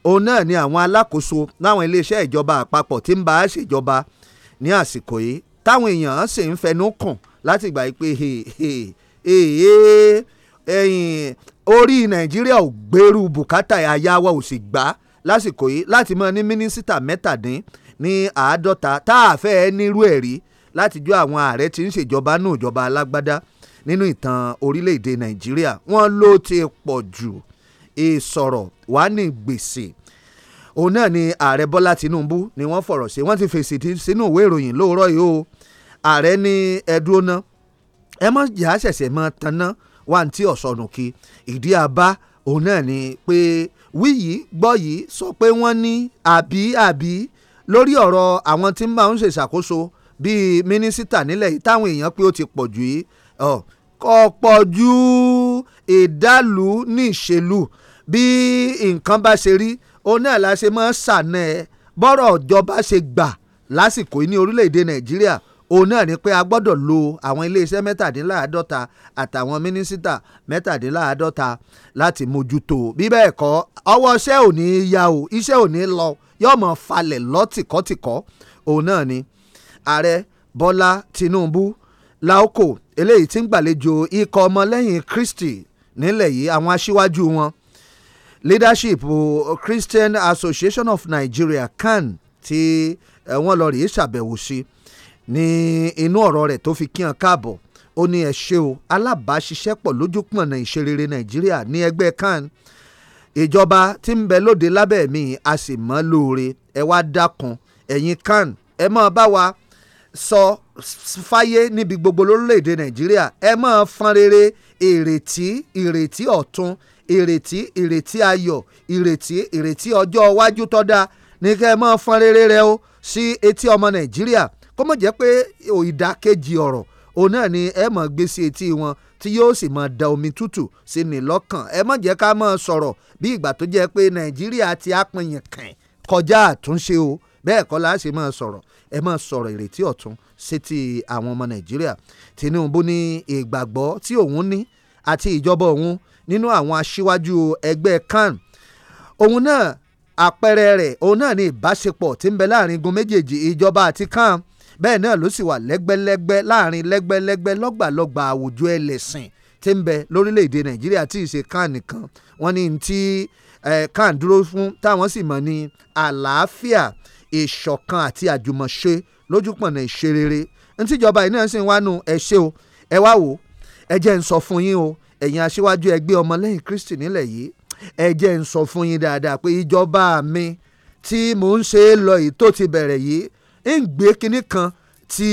òun náà ni àwọn alákòóso láwọn iléeṣẹ́ ìjọba àpapọ̀ tí ń bá a ṣèjọba ní àsìkò yìí táwọn èèyàn sì ń fẹnu kàn láti gbà pé orí nàìjíríà ò gbèrú bùkátà ayáwa ò sì gbà lásìkò yìí láti mọ ní mínísítà mẹ́tàdín ní àádọ́ta tá a fẹ́ nírú ẹ̀ rí látijọ́ àwọn ààrẹ tí ń ṣèjọba náà ìjọba alágbádá. No, nínú ìtàn orílẹ̀-èdè nàìjíríà wọ́n ló ti pọ̀ jù ìsọ̀rọ̀ wà ní gbèsè òun náà ni ààrẹ bọ́lá tinubu ni wọ́n fọ̀rọ̀ sí wọ́n ti fèsì sínú ìwé ìròyìn lóòrọ̀ yìí o ààrẹ ní ẹdúnná ẹ mọ̀ jà ṣẹ̀ṣẹ̀ mọ́ tanná wà ní ọ̀sọ̀nù kí ìdí abá òun náà ni pé wí yìí gbọ́ yìí sọ pé wọ́n ní àbí àbí lórí ọ̀rọ̀ àwọn tí ń bá ń ṣèṣàkóso bíi mínísítà nílẹ̀ yìí táwọn èèyàn pé ó ti pọ̀ jù yìí kò pọ̀ ju ìdálù ní ìṣèlú bí nǹkan bá ṣe rí òun náà la ṣe máa ń ṣàna ẹ bọ́rọ̀ ìjọba ṣe gbà lásìkò yìí ní orílẹ̀-èdè nàìjíríà òun náà ni pé a gbọ́dọ̀ lo àwọn iléeṣẹ́ mẹ́tàdínláàádọ́ta àtàwọn mínísítà mẹ́tàdínláàádọ́ta láti mójútó bí bẹ́ẹ̀ kọ́ ọwọ́ iṣẹ́ ò ní ya o iṣẹ́ ò ní lọ yóò mọ̀ falẹ̀ lọ́tìkọ́tìkọ́ òun náà ni ààrẹ bọ́lá tinubu laoko eléyìí tí ń gbàlejò ikọ̀ ọmọlẹ́yìn Kristi nílẹ̀ yìí àwọn aṣíwájú wọn leadership Christian Association of Nigeria CAN ti eh, wọ́n lọ rèé ṣàbẹ̀wò sí ní inú ọ̀rọ̀ rẹ̀ tó fi kí hàn káàbọ̀ ó ní ẹ ṣé o alábàáṣiṣẹ́pọ̀ lójúpọ̀nà ìṣerere Nàìjíríà ní ẹgbẹ́ CAN ìjọba tí ń bẹ lóde lábẹ́ mi a sì mọ́ lóore ẹ wá dákun ẹ̀yin CAN ẹ máa bá wa sọ fáyé níbi gbogbo lórílẹ̀‐èdè nàìjíríà ẹ máa fọn rere ìrètí ìrètí ọ̀tun ìrètí ìrètí ayọ̀ ìrètí ìrètí ọjọ́ iwájú tó dáa ní kẹ́ ẹ máa fọn rere rẹ o sí etí ọmọ nàìjíríà kó mọ̀ jẹ́ pé ìdákejì ọ̀rọ̀ òun náà ni ẹ máa gbé sí etí wọn tí yóò sì máa da omi tútù sí ní lọ́kàn ẹ má jẹ́ ká máa sọ̀rọ̀ bí ìgbà tó jẹ́ pé nàìjíríà ti apẹ̀yìn kàn kọjá àtúnṣe o bẹ́ẹ̀ kọ́ la ṣe máa sọ̀rọ̀ ẹ máa sọ̀rọ̀ ìrètí ọ̀tun sétí àwọn ọmọ nàìjíríà tinubu ní ìgbàgbọ́ tí òun ní àti ìjọba òun nínú àwọn aṣíwájú ẹgbẹ́ kan òun náà àpẹẹrẹ rẹ̀ òun náà ní ìbáṣepọ̀ tí ń bẹ láàrin igun méjèèjì ìjọba àti kan bẹ́ẹ̀ náà ló sì wà lẹ́gbẹ́lẹ́gbẹ́ láàrin lẹ́gbẹ́lẹ́gbẹ́ lọ́gbàlọ́gbà àwùjọ ẹlẹ́sìn tí ń bẹ lórílẹ̀‐èdè nàìjíríà tí ì ṣe kan nìkan wọ́n ní ti kan dúró fún táwọn sì mọ̀ ní àlàáfíà ìṣọ̀kan àti àjùmọ̀ṣe lójúpọ̀nà ìṣerere ntíjọba yìí náà sì ń wá nu ẹ ṣe o ẹ wá wò ẹ jẹ́ ń sọ fún yín o ẹ̀yin aṣíwájú ẹgbẹ́ ọmọlẹ́yìn Kristi nílẹ̀ yìí ẹ jẹ́ ń sọ fún yín dáadáa pé ìjọba mi tí mò ń ṣe é lọ yìí tó ti bẹ̀rẹ̀ yìí ń gbé kinní kan ti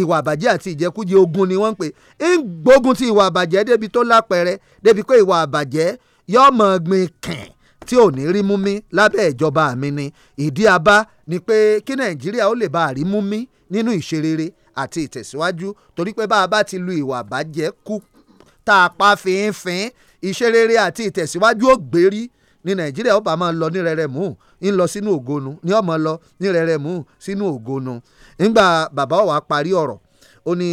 ìwà àbàjẹ́ àti ìjẹkújẹ ogun ni wọ́n ń pè ń gbógun ti ìwà àbàjẹ́ débi tó lápẹẹrẹ débi pé ìwà àbàjẹ́ yọ́ọ́ gbin kàn tí ò ní rí mú mi lábẹ́ ìjọba mi ni ìdí abá ni pé kí nàìjíríà ó lè bá a rí mú mí nínú ìṣerere àti ìtẹ̀síwájú torí pé bá a bá ti lu ìwà àbàjẹ́ kú tá a pa fínfín ìṣerere àti ìtẹ̀síwájú ó gbérí ní nàìjíríà ó bá máa lọ ní rẹ̀rẹ̀mú ń lọ sínú ògonu ní ọmọ lọ ní rẹ̀rẹ̀mú sínú ògonu ńgbà bàbá ó parí ọ̀rọ̀ ó ní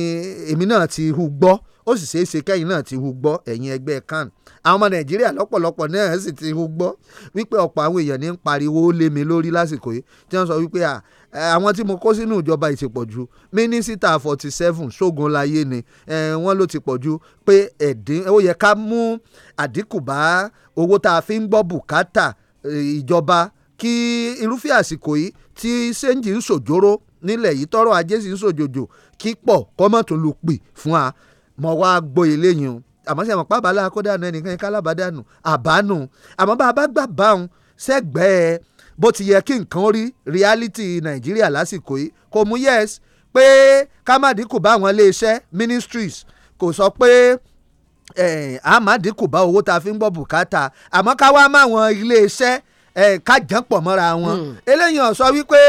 èmi náà ti hu gbọ́ ó sì ṣeé ṣe kẹ́yìn náà ti hu gbọ́ ẹ̀yìn ẹgbẹ́ kan àwọn ọmọ nàìjíríà lọ́pọ̀lọpọ̀ náà sì ti hu gbọ́ wípé ọ̀pọ̀ àwọn èèyàn ní ń pariwo ó lé mi lórí lásìkò yìí tí wọ́n sọ wípé àwọn tí mo kó sínú ìjọba ìtìpọ̀jù mínísítà forty seven Ṣógunláyé ni wọ́n ló ti pọ̀jù pé ẹ̀dín ó yẹ ká mú àdínkù bá owó tá a fi ń gbọ́ bùkátà ìjọba kí irúfẹ́ àsìkò yìí tí sẹ́ńjì ń ṣòjóró nílẹ̀ yìí tọ́rọ̀ ajé sì ń ṣòjòjò kí pọ̀ kọ́mọ̀tún lù pì fún wa mọ̀ wá gbóyè lẹ́yìn o àmọ́ sí àwọn pàbàlà akódànù ẹnìkan kálábàdànù àbánu àmọ́ bá a bá gbà báwọn sẹ́gbẹ̀ẹ́ bó ti yẹ kí nǹkan rí reality nàìjíríà lásìkò yìí kò mú yes pé kámádínkù bá àwọn iléeṣẹ́ ministries kò sọ pé àmádínkù bá owó tá a fi ń gbọ́ bùkátà àmọ́ ká wá máwọn iléeṣẹ́ kájàpọ̀ mọ́ra wọn hmm. eléyìí ó wípé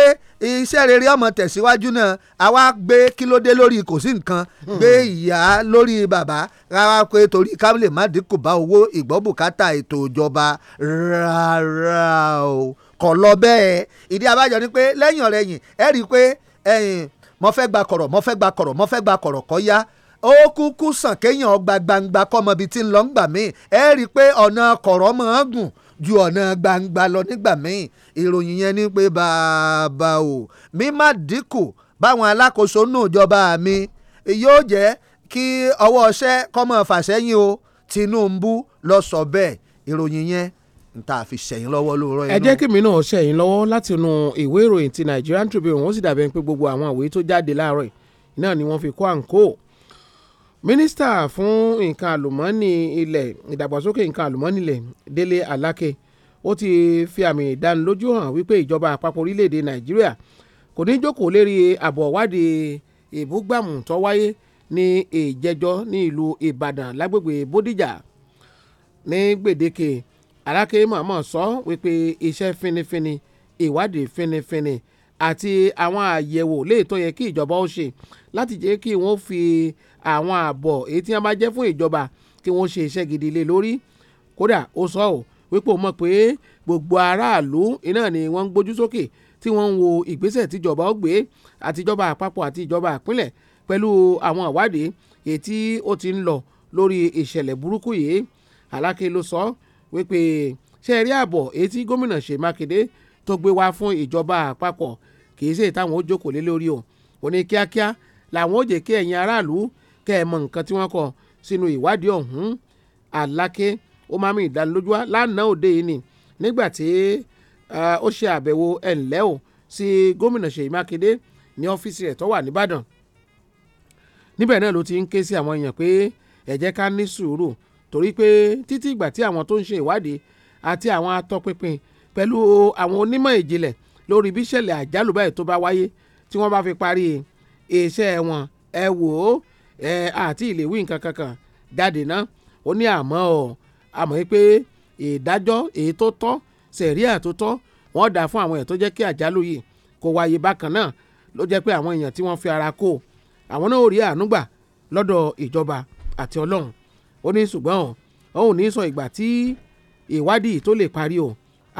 iṣẹ́ rere ọmọ tẹ̀síwájú náà àwa gbé kílódé lórí kò sí nǹkan hmm. gbé ìyá lórí bàbá rárá pé torí kábílẹ̀ má dínkù bá owó ìgbọ́bùkátà ètò ìjọba rárá o kò lọ bẹ́ẹ̀ ìdí abájọ ni pé lẹ́yìn ọ̀rẹ́yìn ẹ rí i pé ẹ̀yìn mo fẹ́ gba kọ̀rọ̀ mo fẹ́ gba kọ̀rọ̀ mo fẹ́ gba kọ̀rọ̀ kọ́ yá ó kúkú sàn kéèyàn gba gbangba kọ́mọbi tí ń lọ ń gbà míì ẹ rí i pé ọ̀nà kọ̀rọ̀ máa ń gùn ju ọ̀nà gbangba lọ nígbà míì ìròyìn yẹn ní pé bàbá o mi má dínkù báwọn alákòóso nù ìjọba mi yóò jẹ́ kí ọwọ́ ọṣẹ́ kọ́mọ fàṣẹ́yìn o Tinubu lọ sọ bẹ́ẹ̀ ìròyìn yẹn n ta fi sẹ́yìn lọ́wọ́ lóòrọ̀ inú. ẹ jẹ́ kí mi náà sẹ́yìn lọ́wọ́ láti inú ìwé ìròyìn ti Nigerian Tribune wọ́n sì dàbẹ̀ pé gbogbo àwọn ìwé tó jáde láàárọ̀ náà ni wọ́n fi kó à mínísítà fún nǹkan àlùmọ́ọ́nì ilẹ̀ ìdàgbàsókè nǹkan àlùmọ́ọ́nì ilẹ̀ Délé Aláké ó ti fi àmì ìdánilójú hàn wípé ìjọba àpapọ̀ orílẹ̀-èdè Nàìjíríà kò ní jókòó lérí àbọ̀ ìwádìí ìbúgbàmù tó wáyé ní ìjẹjọ́ ní ìlú Ìbàdàn lágbègbè Bódìjà ní gbèdéke Aláké mọ̀ọ́mọ̀ sọ wípé iṣẹ́ finifini ìwádìí finifini àti àwọn àyẹ̀wò léè yẹ kí ìjọba ó ṣe láti jẹ́ kí wọ́n fi àwọn àbọ̀ èyí tí wọ́n bá jẹ́ fún ìjọba kí wọ́n ṣe iṣẹ́ gidi lé lórí kódà ó sọ ọ́ wípé ó mọ̀ pé gbogbo aráàlú iná ni wọ́n ń gbójú sókè tí wọ́n ń wo ìgbésẹ̀ tíjọba ó gbé àtijọba àpapọ̀ àti ìjọba àpínlẹ̀ pẹ̀lú àwọn ìwádìí èyí tí ó ti ń lọ lórí ìṣẹ̀lẹ̀ burúkú yìí Aláké ló sọ wípé ṣe rí àbọ̀ èyí tí gómìnà Ṣèyí Mákindé tó gbé wá fún ìjọba àpapọ̀ kì í ṣe ìtàwọn ó jókòó lé lórí o ò ní kíákíá làwọn ó jẹ́ kí ẹ̀yin aráàlú kẹ́ ẹ̀ mọ nǹkan tí wọ́n kọ sínú ìwádìí ọ̀hún Aláké ó máa mú ìdánilójú wá lánàá òde yìí ni nígbà tí ó ṣe àbẹ̀wò ẹ̀ǹlẹ́ o sí gómìnà Ṣèyí Mákindé ní ọ́fíìsì rẹ̀ tó wà nìbàdàn níbẹ̀ náà ló ti ń ké sí àwọn èèyàn pé ẹ ká ní sùúrù torí pé títí ìgbà tí àwọn tó ń ṣe ìwádìí àti àwọn atọ́pinpin pẹ̀lú àwọn onímọ̀ ìjìnlẹ̀ lórí bí ìṣẹ̀lẹ̀ àjálù báyìí tó bá wáyé tí wọ́n bá fi parí iṣẹ́ wọn ẹ wò ó ẹ àti ìléwí nǹkan kankan jáde náà ó ní àmọ́ ọ̀ àmọ́ pé ìdájọ́ èyí tó tọ́ sẹ̀ríà tó tọ́ wọ́n dà fún àwọn èèyàn tó jẹ́ kí àjálù yìí kó wáyé bákan náà ló jẹ́ pé àwọn èèyàn tí wọ́n fi ara kó àwọn náà ò rí àánú gbà lọ́dọ̀ ìjọba àti ọlọ́run ó ní ṣùgbọ́n òun ní sọ ìgbà tí ìwádìí tó lè parí o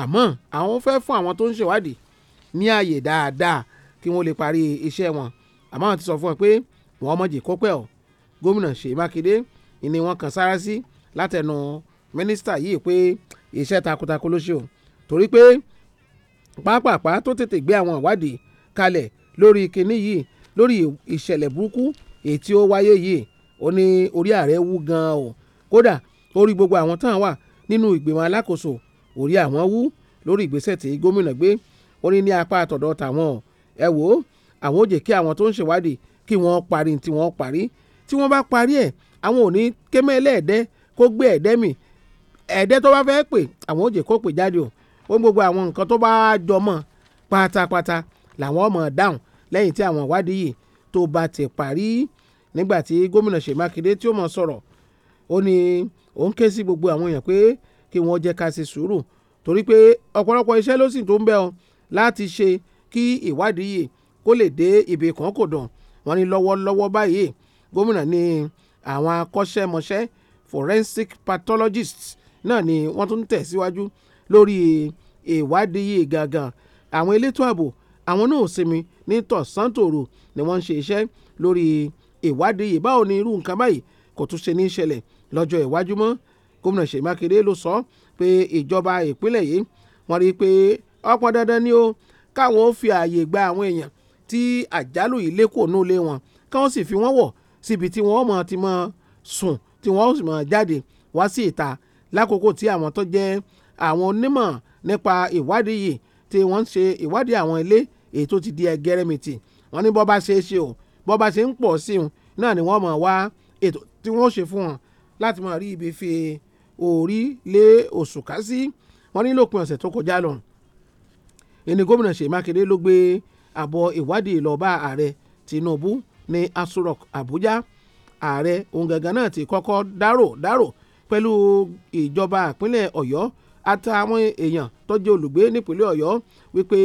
àmọ́ àwọn fẹ́ fún àwọn tó ń ṣèwádìí ní ààyè dáadáa kí wọ́n lè parí iṣẹ́ wọn àmọ́ àwọn ti sọ fún wọn pé wọ́n mọ̀jì kópẹ́ ọ̀ gómìnà Ṣèyí Mákindé ni wọ́n kàn sára sí látẹnu mínísítà yìí pé iṣẹ́ takuntakun ló ṣe o torí pé pápápá tó tètè gbé àwọn ìwádìí kalẹ̀ lórí kinní yìí lórí ìṣẹ̀lẹ̀ burúkú èyí tí ó wáyé yìí ó ní orí ààrẹ wú gan-an o kódà orí gbogbo àwọn tán wà nínú ìgbìmọ̀ alákòóso orí àwọn wú lórí ìgbésẹ̀ tí gómìnà gbé ó ní ní apá àtọ̀dọ̀ tàwọn ẹ wò ó àwọn ò jẹ́ kí àwọn tó ń ṣèwádìí kí wọ́n parí tí wọ́n parí tí wọ́n bá parí ẹ̀ àwọn ò ní kémẹ́ ẹlẹ́ẹ̀dẹ́ kó gbé ẹ̀dẹ́ mì ẹ̀dẹ́ tó bá fẹ́ pè àwọn ò jẹ́ kó pè jáde o ó ń gbogbo àwọn nǹkan tó bá jọ mọ́ pátápátá làwọn ọmọ dáhùn lẹ́yìn tí àwọn ìwádìí yìí tó bá ti parí nígbà tí gómìnà Ṣèyí tí ó mọ̀ sọ̀rọ̀ ó ní òun ké sí gbogbo àwọn èèyàn pé kí wọ́n jẹ́ ká ṣe sùúrù torí pé ọ̀pọ̀lọpọ̀ iṣẹ́ ló sì tó ń bẹ̀ ọ́ láti ṣe kí ìwádìí yìí kó lè dé ibì kan kò dàn wọ́n ní lọ́wọ́lọ́wọ́ báyìí gómìnà ní àwọn akọ́ṣẹ́mọṣẹ́ forensic pathologists náà ni wọ́n tún tẹ̀síwájú lórí ìwádìí yìí gangan àwọn elétò ààbò àwọn náà sinmi ní tọ̀sán-tòru ni wọ́n ń ṣe iṣẹ́ lórí ìwádìí yìí báwo ni irú nǹkan báyìí kò tún ṣe ní í lọ́jọ́ iwájú gómìnà Ṣèyí Mákindé ló sọ pé ìjọba ìpínlẹ̀ yìí wọ́n rí i pé ọpọn dandan ni ó káwọn ó fi ààyè gba àwọn èèyàn tí àjálù yìí lékò nù lé wọn káwọn sì fi wọ́n wọ̀ síbi tí wọ́n mọ̀ ti mọ̀ sùn tí wọ́n sì mọ̀ jáde wá sí ìta lákòókò tí àwọn tó jẹ́ àwọn onímọ̀ nípa ìwádìí yìí tí wọ́n ń ṣe ìwádìí àwọn ilé èyí tó ti di ẹgẹrẹmìtì wọ́n ní bọ́ bá ṣe é ṣe o bọ́ bá ṣe ń pọ̀ sí i náà ni wọ́n mọ̀ wá ètò tí wọ́n ṣe fún wọn láti máa rí ibi fi orí lé òṣùká sí wọ́n ní lópin ọ̀sẹ̀ tó kọjá lọ. ẹni gómìnà Ṣèyí Mákindé ló gbé àbọ̀ ìwádìí lọ ààrẹ Tinubu ní Asurok Abuja ààrẹ òun gangan náà ti kọ́kọ́ dárò dárò pẹ̀lú ìjọba ìpínlẹ̀ Ọ̀yọ́ àtàwọn èèyàn tó jẹ́ olùgbé nípínlẹ̀ Ọ̀yọ́ wípé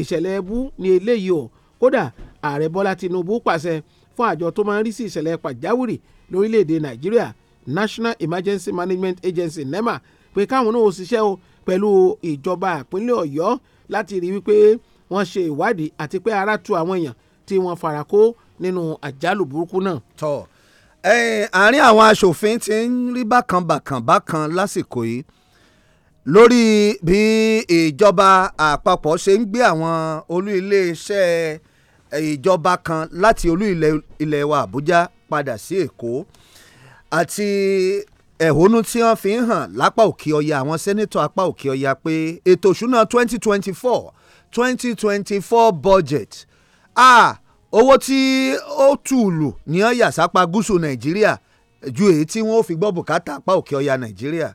ìṣẹ̀lẹ̀ ẹbú ni eléyìí o kódà ààrẹ Bọ́lá Tinubu pàṣẹ fún àjọ tó máa ń rí sí ìṣẹ̀lẹ̀ pàjáwìrì lórílẹ̀‐èdè Nàìjíríà National Emergency Management Agency NEMA pé káwọn náà ó ṣiṣẹ́ o pẹ̀lú ìjọba ìpínlẹ̀ Ọ̀yọ́ láti rí wípé wọ́n ṣe ìwádìí àti pé ara tu àwọn èèyàn tí wọ́n fara kó nínú àjálù burúkú náà. tọ́ àárín àwọn aṣòfin ti ń rí bákan bákan bákan lásìkò yìí lórí bí ìjọba àpapọ̀ ṣe ń gbé àwọn olú iléeṣẹ́ ìjọba kan láti olú ilẹ̀ wa Àbújá padà sí Èkó. Si àti ẹ̀hónú tí wọ́n fi ń hàn lápá òkè ọya àwọn sẹ́nẹ́tọ̀ apá òkè ọya pé ètò ìṣúná 2024 2024 budget ah owó tí ó tùlù ní ọ̀yà sápá gúúsù nàìjíríà ju èyí tí wọ́n fi gbọ́ bùkátà apá òkè ọya nàìjíríà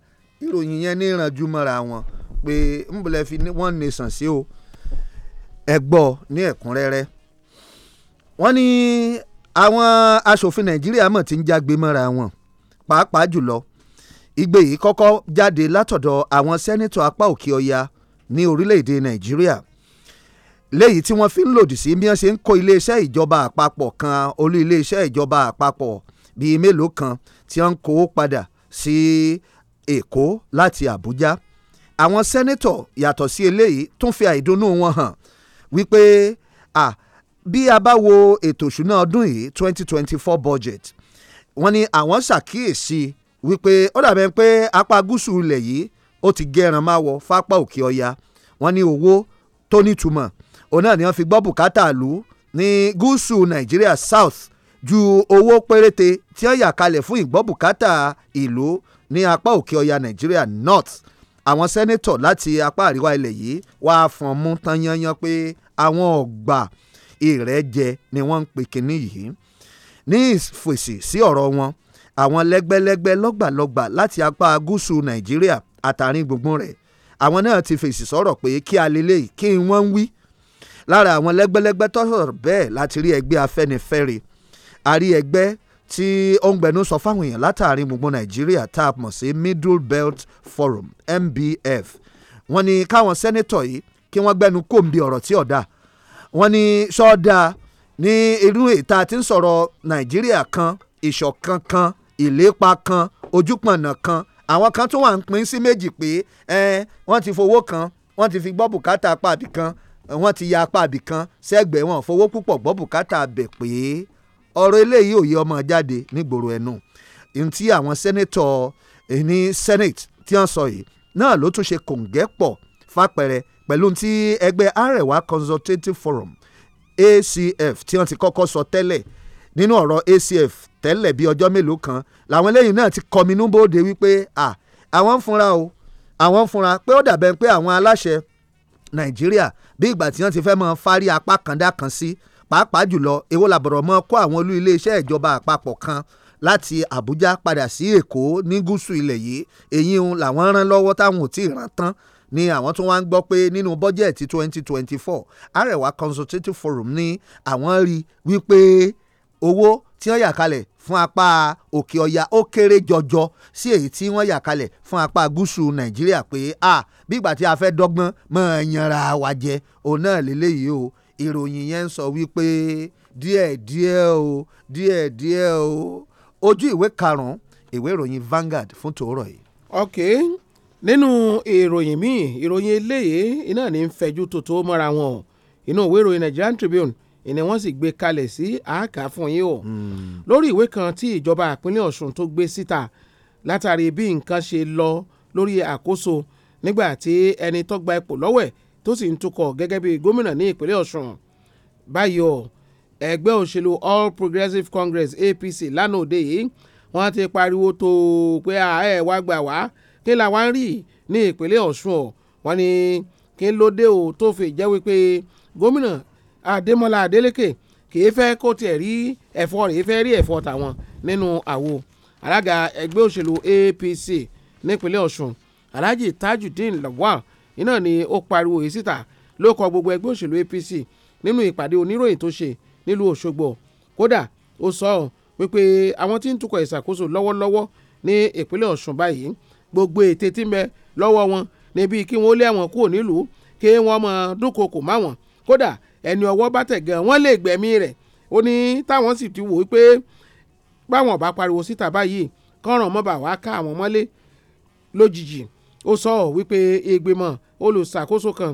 ìròyìn yẹn ní ìrànjú mọ́ra wọn pé ńbọ̀lẹ́ fi wọ́n nation sí o ẹ ní ẹ̀kúnrẹ́rẹ́ wọ́n ní àwọn aṣòfin nàìjíríà mọ̀ tí ń jágbe mọ́ra wọn pàápàá jùlọ igbe yìí kọ́kọ́ jáde látọ̀dọ̀ àwọn sẹ́nitọ̀ apá òkè ọya ní orílẹ̀-èdè nàìjíríà léyìí tí wọ́n fi ń lòdì sí bí wọ́n ṣe ń kó iléeṣẹ́ ìjọba àpapọ̀ kan olú iléeṣẹ́ ìjọba àpapọ̀ bíi mélòó kan tí wọ́n ń kó padà sí èkó láti àbújá àwọn sẹ́nitọ̀ yàtọ̀ sí eléyìí tún fi àìdùnnú wọn hàn wípé à bí a bá wo ètò ìṣúná ọdún yìí twenty twenty four budget wọ́n ní àwọn ṣàkíyèsí wípé ó dàbẹ̀ pé apá gúúsù ilẹ̀ yìí ó ti gẹran máa wọ fápá òkè ọya wọ́n ní owó tó nítumọ̀ òun náà ni wọ́n fi gbọ́ bùkátà lù ní gúúsù nàìjíríà south ju owó péréte tí wọ́n yà kalẹ̀ fún ìgbọ́ bùkátà ìlú ní apá òkè ọya nàìjíríà north àwọn sẹ́nẹ́tọ̀ láti apá àríwá ilẹ̀ yìí wàá fọ́n mú tán yanyan pé àwọn ọ̀gbà ìrẹ́jẹ ni wọ́n ń pè kínní yìí ní ìfèsì sí ọ̀rọ̀ wọn àwọn lẹ́gbẹ́lẹ́gbẹ́ lọ́gbàlọ́gbà láti apá gúúsù nàìjíríà àtàrin gbùngbùn rẹ̀ àwọn náà ti fèsì sọ̀rọ̀ pé kí a lélẹ̀ kí wọ́n ń wí lára àwọn lẹ́gbẹ́lẹ́gbẹ́ tó sọ̀rọ̀ bẹ́ẹ̀ láti rí ẹgbẹ́ afẹ́nifẹ́re àrí ẹgbẹ́ tí ó ń gbẹnu sọ fáwọn èèyàn látàrin gbùngbùn nàìjíríà tá a mọ̀ sí Middle Belt Forum MBF wọ́n ní káwọn sẹ́nẹ́tọ̀ yìí kí wọ́n gbẹnu kòmbi ọ̀rọ̀ tí ọ̀dà wọ́n ní sọ́ọ́dà so ní irú ìta tí ń sọ̀rọ̀ nàìjíríà kan ìṣọ̀kan kan ìlépa kan ojúpọ̀nà kan àwọn kan tó wà ń pín sí méjì pé wọ́n ti fowó kan wọ́n ti fi gbọ́ bùkátà pàbí kan wọ́n ti ya apá àbí kan sẹ́gbẹ̀ẹ́ wọn fowó púpọ̀ gbọ́ bùkátà bẹ̀ pé ọ̀rọ̀ eléyìí ò yẹ ọmọ jáde nígboro ẹnu n tí àwọn sẹ́nẹ́tọ̀ eh, ní senate tí wọ́n sọ yìí náà ló tún ṣe kòǹgẹ́ pọ̀ pẹ̀lú ti ẹgbẹ́ Arewa Consultative Forum ACF tí wọ́n ti kọ́kọ́ sọ tẹ́lẹ̀ nínú ọ̀rọ̀ ACF tẹ́lẹ̀ bíi ọjọ́ mélòó kan làwọn eléyìí náà ti kọminú bóde wípé à àwọn ń funra o àwọn ń funra pé ó dàbẹ̀ pé àwọn aláṣẹ Nàìjíríà bí ìgbà tí wọ́n ti fẹ́ mọ fárí apá kan dá kan sí pàápàá jùlọ èwo làbọ̀rọ̀ mọ́ kó àwọn olú iléeṣẹ́ ìjọba àpapọ̀ kan láti Àbújá padà sí Èkó ní gúúsù ilẹ̀ yìí èyí làwọn rán lọ́wọ́ táwọn ò tí ì rán tán ni àwọn tó wá ń gbọ́ pé nínú bọ́jẹ̀tì 2024 Arewa Consultative Forum ní àwọn rí wípé owó tí wọ́n yà kalẹ̀ fún apá òkè ọya ó kéré jọjọ sí èyí tí wọ́n yà kalẹ̀ fún apá gúúsù Nàìjíríà pé a bígbà tí a fẹ́ dọ́gbọ́n mọ́ ẹ̀yànra wa jẹ òun náà lélẹ́yìí o ìròyìn yẹn ń sọ wípé díẹ̀díẹ̀ o díẹ̀díẹ̀ o ojú ìwé karùn-ún ìwé ìròyìn Vanguard fún tòórọ̀ yìí. okay nínú ìròyìn míì ìròyìn eléyìí iná ní ń fẹjú tòótó mọ́ra wọn inú ìwé ìròyìn Nigerian Tribune ìní wọ́n sì gbé kalẹ̀ sí àáká fún yín o hmm. lórí ìwé kan tí ìjọba àpínlẹ̀ Ọ̀ṣun tó gbé síta látàrí bí nǹkan ṣe lọ lórí àkóso nígbà tí ẹni tó gba ipò lọ́wọ́ ẹ̀ tó sì ń tukọ̀ gẹ́gẹ́ bí gómìnà ní ìpínlẹ̀ Ọ̀ṣun báyìí o ẹgbẹ́ òṣèlú All Progressives Congress APC lánàá òde yìí wọ́n ti pariwo tó pé àá ẹ̀ wá gbà wá. Wa kí la wá ń rí ní ìpínlẹ̀ Ọ̀ṣun ọ̀ wọ́n ní kí ló dé o tó fi jẹ́ wípé gómìnà Adémọ́lá Adélékè kìí fẹ́ kó tiẹ̀ rí ẹ̀fọ́ rẹ̀ fẹ́ rí ẹ̀fọ́ tàwọn nínú àwo alága ẹgbẹ́ òṣèlú APC nípínlẹ̀ Ọ̀ṣun Alhaji Tajudeen Lawal iná ni ó pariwo èyí síta ló kọ gbogbo ẹgbẹ́ òṣèlú APC nínú ìpàdé oníròyìn tó ṣe nílùú Òṣogbo kódà ó sọ wípé àwọn tí ń tukọ̀ ìṣàkóso lọ́wọ́lọ́wọ́ ní ìpínlẹ̀ Ọ̀ṣun báyìí gbogbo ète tí mẹ lọ́wọ́ wọn níbi kí wọ́n lé wọn kúrò nílùú kí wọ́n mọ dúnkokò má wọn kódà ẹni ọwọ́ bá tẹ̀ gan wọ́n lè gbẹ̀mí rẹ̀ ó ní táwọn sì ti wò wípé báwọn bá pariwo síta báyìí kọ́ràn mọ́ba wàá ká àwọn mọ́lé lójijì ó sọ wípé ìgbìmọ̀ olùṣàkóso kan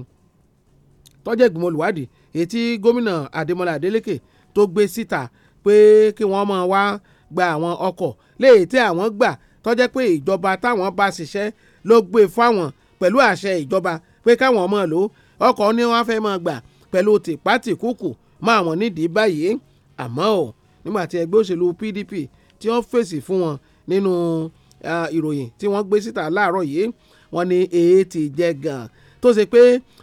tọ́jẹ́ ìgbìmọ̀ olùwádìí ètí gómìnà Adémọ́lá Adélékè tó gbé síta pé kí wọ́n mọ̀ wá gba àwọn ọkọ̀ léè àwọn gbà tó pé ìjọba táwọn bá ṣiṣẹ́ ló gbé e fáwọn pẹ̀lú àṣẹ ìjọba pé káwọn máa lò ọkọ̀ ni wọ́n fẹ́ máa gbà pẹ̀lú tìpátìkúkù máa wọ́n nídìí báyìí àmọ́ ò nígbà tí ẹgbẹ́ òṣèlú PDP tí wọ́n fèsì fún wọn nínú ìròyìn tí wọ́n gbé síta láàárọ̀ yìí wọ́n ní èé ti jẹ gan tó ṣe pé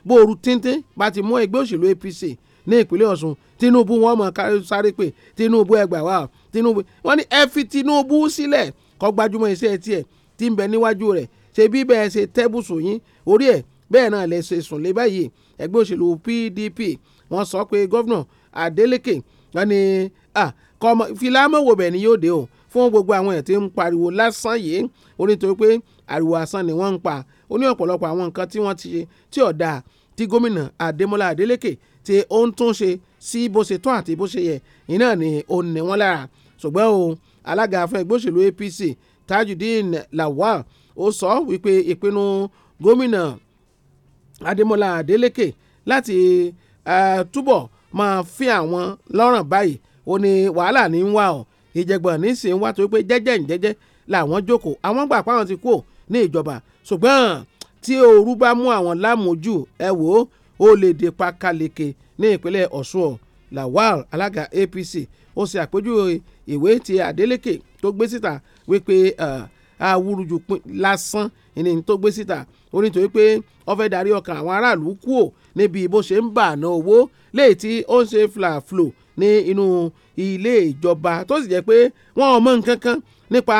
bóoru tíntín bá ti mú ẹgbẹ́ òṣèlú APC ní ìpínlẹ̀ Ọ̀ṣun Tinubu wọn mọ̀ sáré pé Tinubu ẹgbàá wa Tinubu wọ́n ní ẹ fi Tinubu sílẹ̀ si kọ́ gbájúmọ́ iṣẹ́ tiẹ̀ tí ń bẹ níwájú rẹ̀ ṣe bí bẹ́ẹ̀ ṣe tẹ́bùsù yín orí ẹ̀ bẹ́ẹ̀ náà lè ṣe sùn lé báyìí ẹgbẹ́ òṣèlú PDP wọ́n sọ pé gọ́vnà Adeleke wọ́n ní kọ́mọ filamọ́wò bẹ̀ ni yóò dé o fún gbogbo àwọn ẹ̀ tí ń pariwo lásán yìí ó ní torí pé ariwo asán ni wọ́n ń pa ó ní ọ̀pọ̀lọpọ̀ àwọn nǹkan tí wọ́n ti ṣe tí ọ̀dà tí gómìnà Adémọ́lá Adeleke tí ó ń tún ṣe sí bó ṣe tán àti bó ṣe yẹ iná ni ó ní wọ́n lára ṣùgbọ́n o alága fún ẹgbẹ́ òṣèlú APC Tajudeen Lawal ó sọ wípé ìpinnu gómìnà Adémọ́lá Adélékè láti túbọ̀ máa fi àwọn lọ́rùn báyìí ó ní wàhálà ní ń wá ọ̀ ìjẹ̀gbọ̀n nísìnyí wá torí pé jẹ́jẹ́ ǹjẹ́jẹ́ làwọn jókòó àwọn gbà pàwọn ti kú ní ìjọba ṣùgbọ́n tí ooru bá mú àwọn lámòjù ẹ wò ó ó lè dé pa káleke ní ìpínlẹ̀ Ọ̀ṣun ọ̀ Lawal alága APC ó ṣe àpèjúwe ìwé tí Adeleke tó gbé síta wípé awúrúju lásán ni tó gbé síta ó nítorí pé ó fẹ́ darí ọkàn àwọn aráàlú kúò níbi bó ṣe ń bà ná owó léyìí tí ó ń ṣe flaflo ní inú ilé ìjọba tó sì jẹ́ pé wọ́n ò mọ nǹkan kan nípa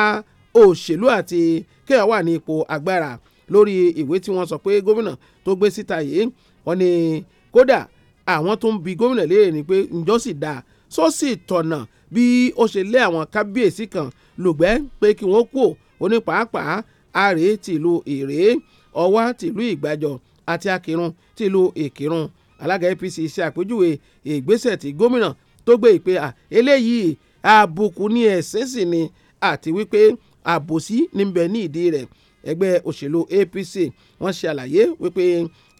òṣèlú àti kéèyàn wà ní ipò agbára lórí ìwé tí wọ́n sọ pé gómìnà tó gbé síta yìí wọ́n ní kódà àwọn tó ń bi gómìnà léèrè ni pé ǹjọ́ sì dáa só sì tọ̀nà bí ó ṣe lé àwọn kábíyèsí kan lùgbẹ́ pé kí wọ́n kú òní pàápàá àrè tìlú Ìrèé Ọ̀wá tìlú Ìgbàjọ àti Akírun tìlú Ìkírun alága APC ṣe àpèjúwe ìgbésẹ̀ tí gómìnà tó gbé ìpè à eléyìí àbùkù ní ẹ̀sìn sì ni àti wípé àbòsí níbẹ̀ ní ìdí rẹ̀ ẹgbẹ́ òṣèlú APC wọ́n ṣe àlàyé wípé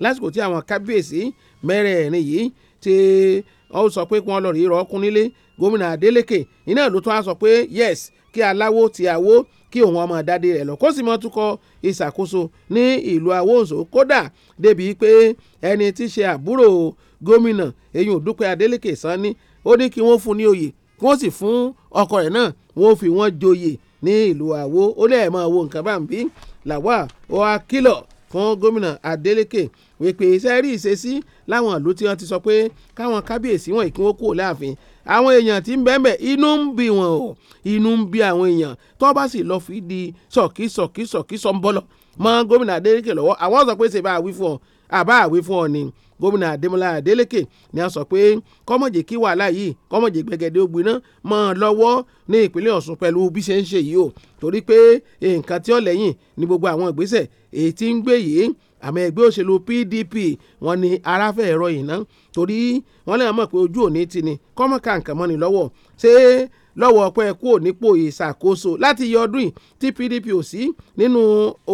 lásìkò tí àwọn kábíyèsí mẹ́rẹ̀ẹ̀rin yìí ti ó sọ pé kí wọ́n lọ rí rọ́ọ̀kún nílé gómìnà Adeleke iná ló tún á sọ pé yes kí aláwo ti àwo kí òun ọmọ dáadé rẹ̀ lọ kó sì mọ́ túkọ̀ ìṣàkóso ní ìlú awóòsó kódà débi pé ẹni tí í ṣe àbúrò gómìnà eyín òdúpẹ́ Adeleke ni ó ní kí wọ́n fún ní oyè kí wọ́n sì fún ọkọ rẹ̀ náà wọ́n fi wọ́n joyè ní ìlú àwo ó lẹ́ẹ̀ máa nǹkan bá ń bí Lawal Oakilor fún gómìnà Adeleke wípé iṣẹ́ rí ìṣesí láwọn ìlú tí wọ́n ti sọ pé káwọn kábíyèsí wọ̀nyí kí wọ́n kúrò láàfin àwọn èèyàn tí ń bẹ́ẹ̀nbẹ́ inú ń bí wọn o inú ń bí àwọn èèyàn tó bá sì lọ fi di sọ̀kí sọ̀kí sọ̀kí sọ̀ńbọ́lọ̀ mọ́ gómìnà Adeleke lọ́wọ́ àwọn sọ pé ṣe bá wí fún ọ àbá àwí fún ọ ni gómìnà adémọlá adélèké ni a sọ pé kọ́mọ̀jẹ̀ kí wàhálà yìí kọ́mọ̀jẹ̀ gbẹ̀gẹ̀dẹ̀ ògbìnà mọ́ ọ lọ́wọ́ ní ìpínlẹ̀ ọ̀ṣun pẹ̀lú bí ṣe ń ṣe yìí o torí pé nǹkan tí ó lẹ́yìn ni gbogbo àwọn ìgbésẹ̀ èyí tí ń gbé yìí àmọ́ ẹgbẹ́ òṣèlú PDP wọn ni aráfẹ́ ẹ̀rọ ìná torí wọn lè mọ̀ pé ojú òní ti ni kọ́mọ̀ká nǹkan mọ́ni lọ́wọ́ ṣé lọ́wọ́ ọpẹ́ kúrò nípò ìṣàkóso láti yọ ọdún yìí tí PDP ò sí nínú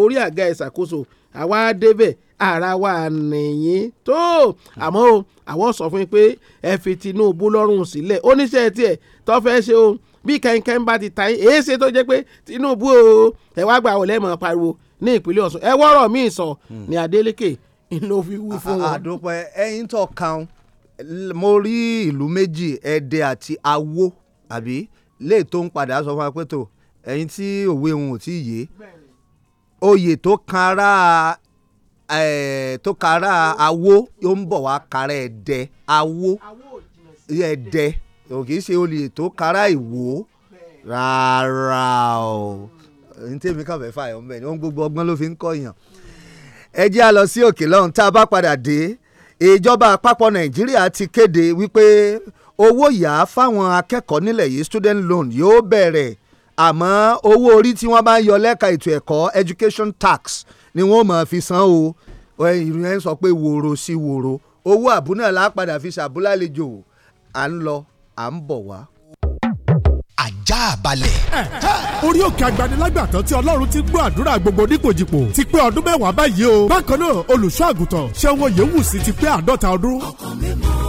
orí àga ìṣàkóso àwa débẹ̀ ara wa nìyí tó àmọ́ o àwọn sọ fún yín pé ẹ fi Tinubu lọ́rùn sílẹ̀ oníṣẹ́ tiẹ̀ tó fẹ́ ṣe o bí kẹ́ńkẹ́ń bá ti ta yín èyí ṣe tó jẹ́ pé Tinubu o ẹ wá gba àwọn lẹ́mọ̀ pariwo ní ìpínlẹ̀ Ọ̀ṣun ẹ wọ́rọ̀ míì sọ hmm. ní Adeleke ló fi wú fún wọn. àdùpẹ́ ẹyin tó kan mo rí ìlú méjì Ẹdẹ àti Awó àbí lè tó ń padà sọ fún wa ẹyin tí òwe òun ò tí ì yé oyè tó kan ara Eh, tó kára awó yóò ń bọ̀ wá kára ẹ̀dẹ awó ẹ̀dẹ kì í ṣe olè tó kára ìwò rárá o ní tèmi kàn fẹ́ fààyàn mbẹ́ ni wọ́n gbogbo ọgbọ́n ló fi ń kọ̀yàn ẹ jẹ́ a lọ sí òkè lọ́hùn tá a bá padà dé ìjọba àpapọ̀ nàìjíríà ti kéde wípé owó yá fáwọn akẹ́kọ̀ọ́ nílẹ̀ yìí student loan yóò bẹ̀rẹ̀ àmọ́ owó orí tí wọ́n bá ń yọ lẹ́ka ètò ẹ̀kọ́ education tax ni wọ́n máa fi san o ìrìn ẹ̀ ń sọ pé wòrò sí wòrò owó àbúnà lápadà fi ṣàbúlálejò à ń lọ à ń bọ̀ wá ajá balẹ̀. orí òkè agbanilágbàtàn tí ọlọ́run ti gbọ́ àdúrà gbogbo nípojìpò ti pé ọdún mẹ́wàá báyìí o bákan náà olùṣọ́ àgùntàn ṣẹ́wọ̀n yẹ̀wù sí ti pé àádọ́ta ọdún. ọkàn mi mọ́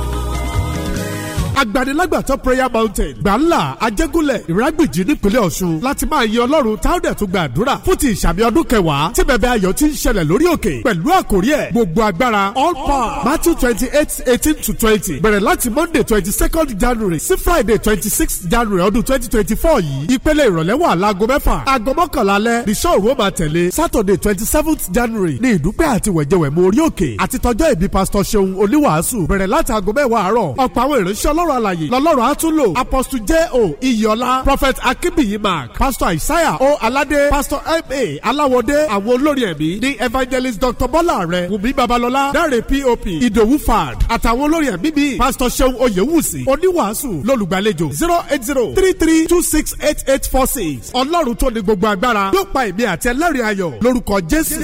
agbanilágbàtọ́ prayer mountain gbàlá ajégúnlẹ̀ ìrágbìjì nípínlẹ̀ ọ̀ṣun láti máa yin ọlọ́run táwọnẹ̀ tó gba àdúrà fún ti ìsàmì ọdún kẹwàá tí bẹ̀bẹ̀ ayọ̀ ti ń ṣẹlẹ̀ lórí òkè pẹ̀lú àkórí ẹ̀ gbogbo agbára all power matthew twenty eight eighteen to twenty bẹ̀rẹ̀ láti monday twenty second january sí friday twenty six january ọdún twenty twenty four yìí ìpele ìrọ̀lẹ́ wà láago mẹ́fà aago mọ́kànlá alẹ́ ní ṣọ́ọ̀rù ó máa tẹ̀lé saturday twenty seventh january ní ìdúpẹ́ àti wẹ̀jẹ̀wẹ̀mú orí òkè àti tọjọ́ ìbí pásítọ̀ ṣeun oníwàásù bẹ̀rẹ̀ láti aago mẹ́wàá àárọ̀ ọ̀pọ̀ àwọn ìránṣẹ́ ọlọ́run ọlọ́run àlàyé lọ́lọ́run àtúnlò apostle j o iyọlá prophet akínbíyì mark pastor isaiah o aládé pastor ma aláwọdé àwọn olórí ẹ̀mí ní evangelist dr bọ́lá rẹ̀ wùmí babalọ́lá dáre pop ìdòwú fad àtàwọn olórí ẹ̀mí bíi pastor seun oyewusi oníwàásù lólùgbàlejò zero eight zero three three two six eight eight four six ọlọ́run tó ní gbogbo agbára yóò pa èmi àti ẹlẹ́rìí ayọ̀ lórúkọ jésù.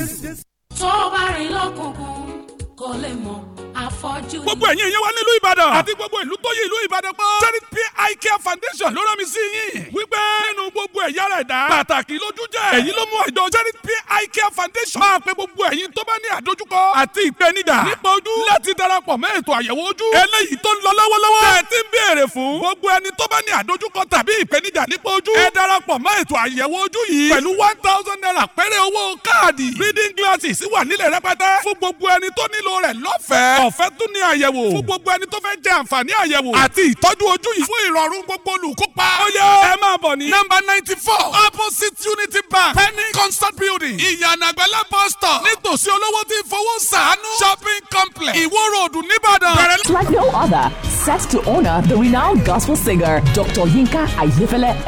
tó bá rìn lọ́kùnkùn kò lè mọ̀ àfọ́jú ni. gbogbo ẹ̀yin ìyẹn wá nílùú ìbàdàn àti gbogbo ìlú tó yé ìlú ìbàdàn pọ̀. charity pi care foundation ló rán mi sí yín. wípé nínú gbogbo ẹ̀yà ara ẹ̀dá pàtàkì lójú jẹ́. èyí ló mú àjọ charity pi care foundation máa pe gbogbo ẹ̀yin tó bá ní àdójúkọ àti ìpènijà nípa ojú láti darapọ̀ mẹ́ ètò àyẹ̀wò ojú. eléyìí tó ń lọ lọ́wọ́lọ́wọ́. ẹ ti ń béèrè fún. gbogbo ẹni tó bá ní àdójúkọ tàbí ìpènijà nípa ojú. ẹ darapọ̀ mọ́ ètò àyẹ̀wò ojú yìí. pẹ̀lú one thousand naira péré owó káàdì. reading glasses wà nílẹ̀ rẹpẹtẹ. fún gbogbo ẹni tó nílò rẹ̀ lọ́fẹ̀ẹ́ ọ̀fẹ́ tún ní àyẹ̀wò fún gbogbo ẹni tó fẹ́ jẹ àǹfààní àyẹ̀wò àti ìtọ́jú ojú yìí fún ìrọ̀rùn gbogbo olùkópa. ó yẹ ẹ máa bọ̀ ní. nọ́mbà ninety four opposite unity bank penny constant building ìyànà àgbẹ̀lẹ̀ bus stop nítòsí olówó tí fowó ṣàánú shopping complex ìwó road nìbàdàn. like no other set to honour the renowned gospel singer Dr. Yinka Ayefele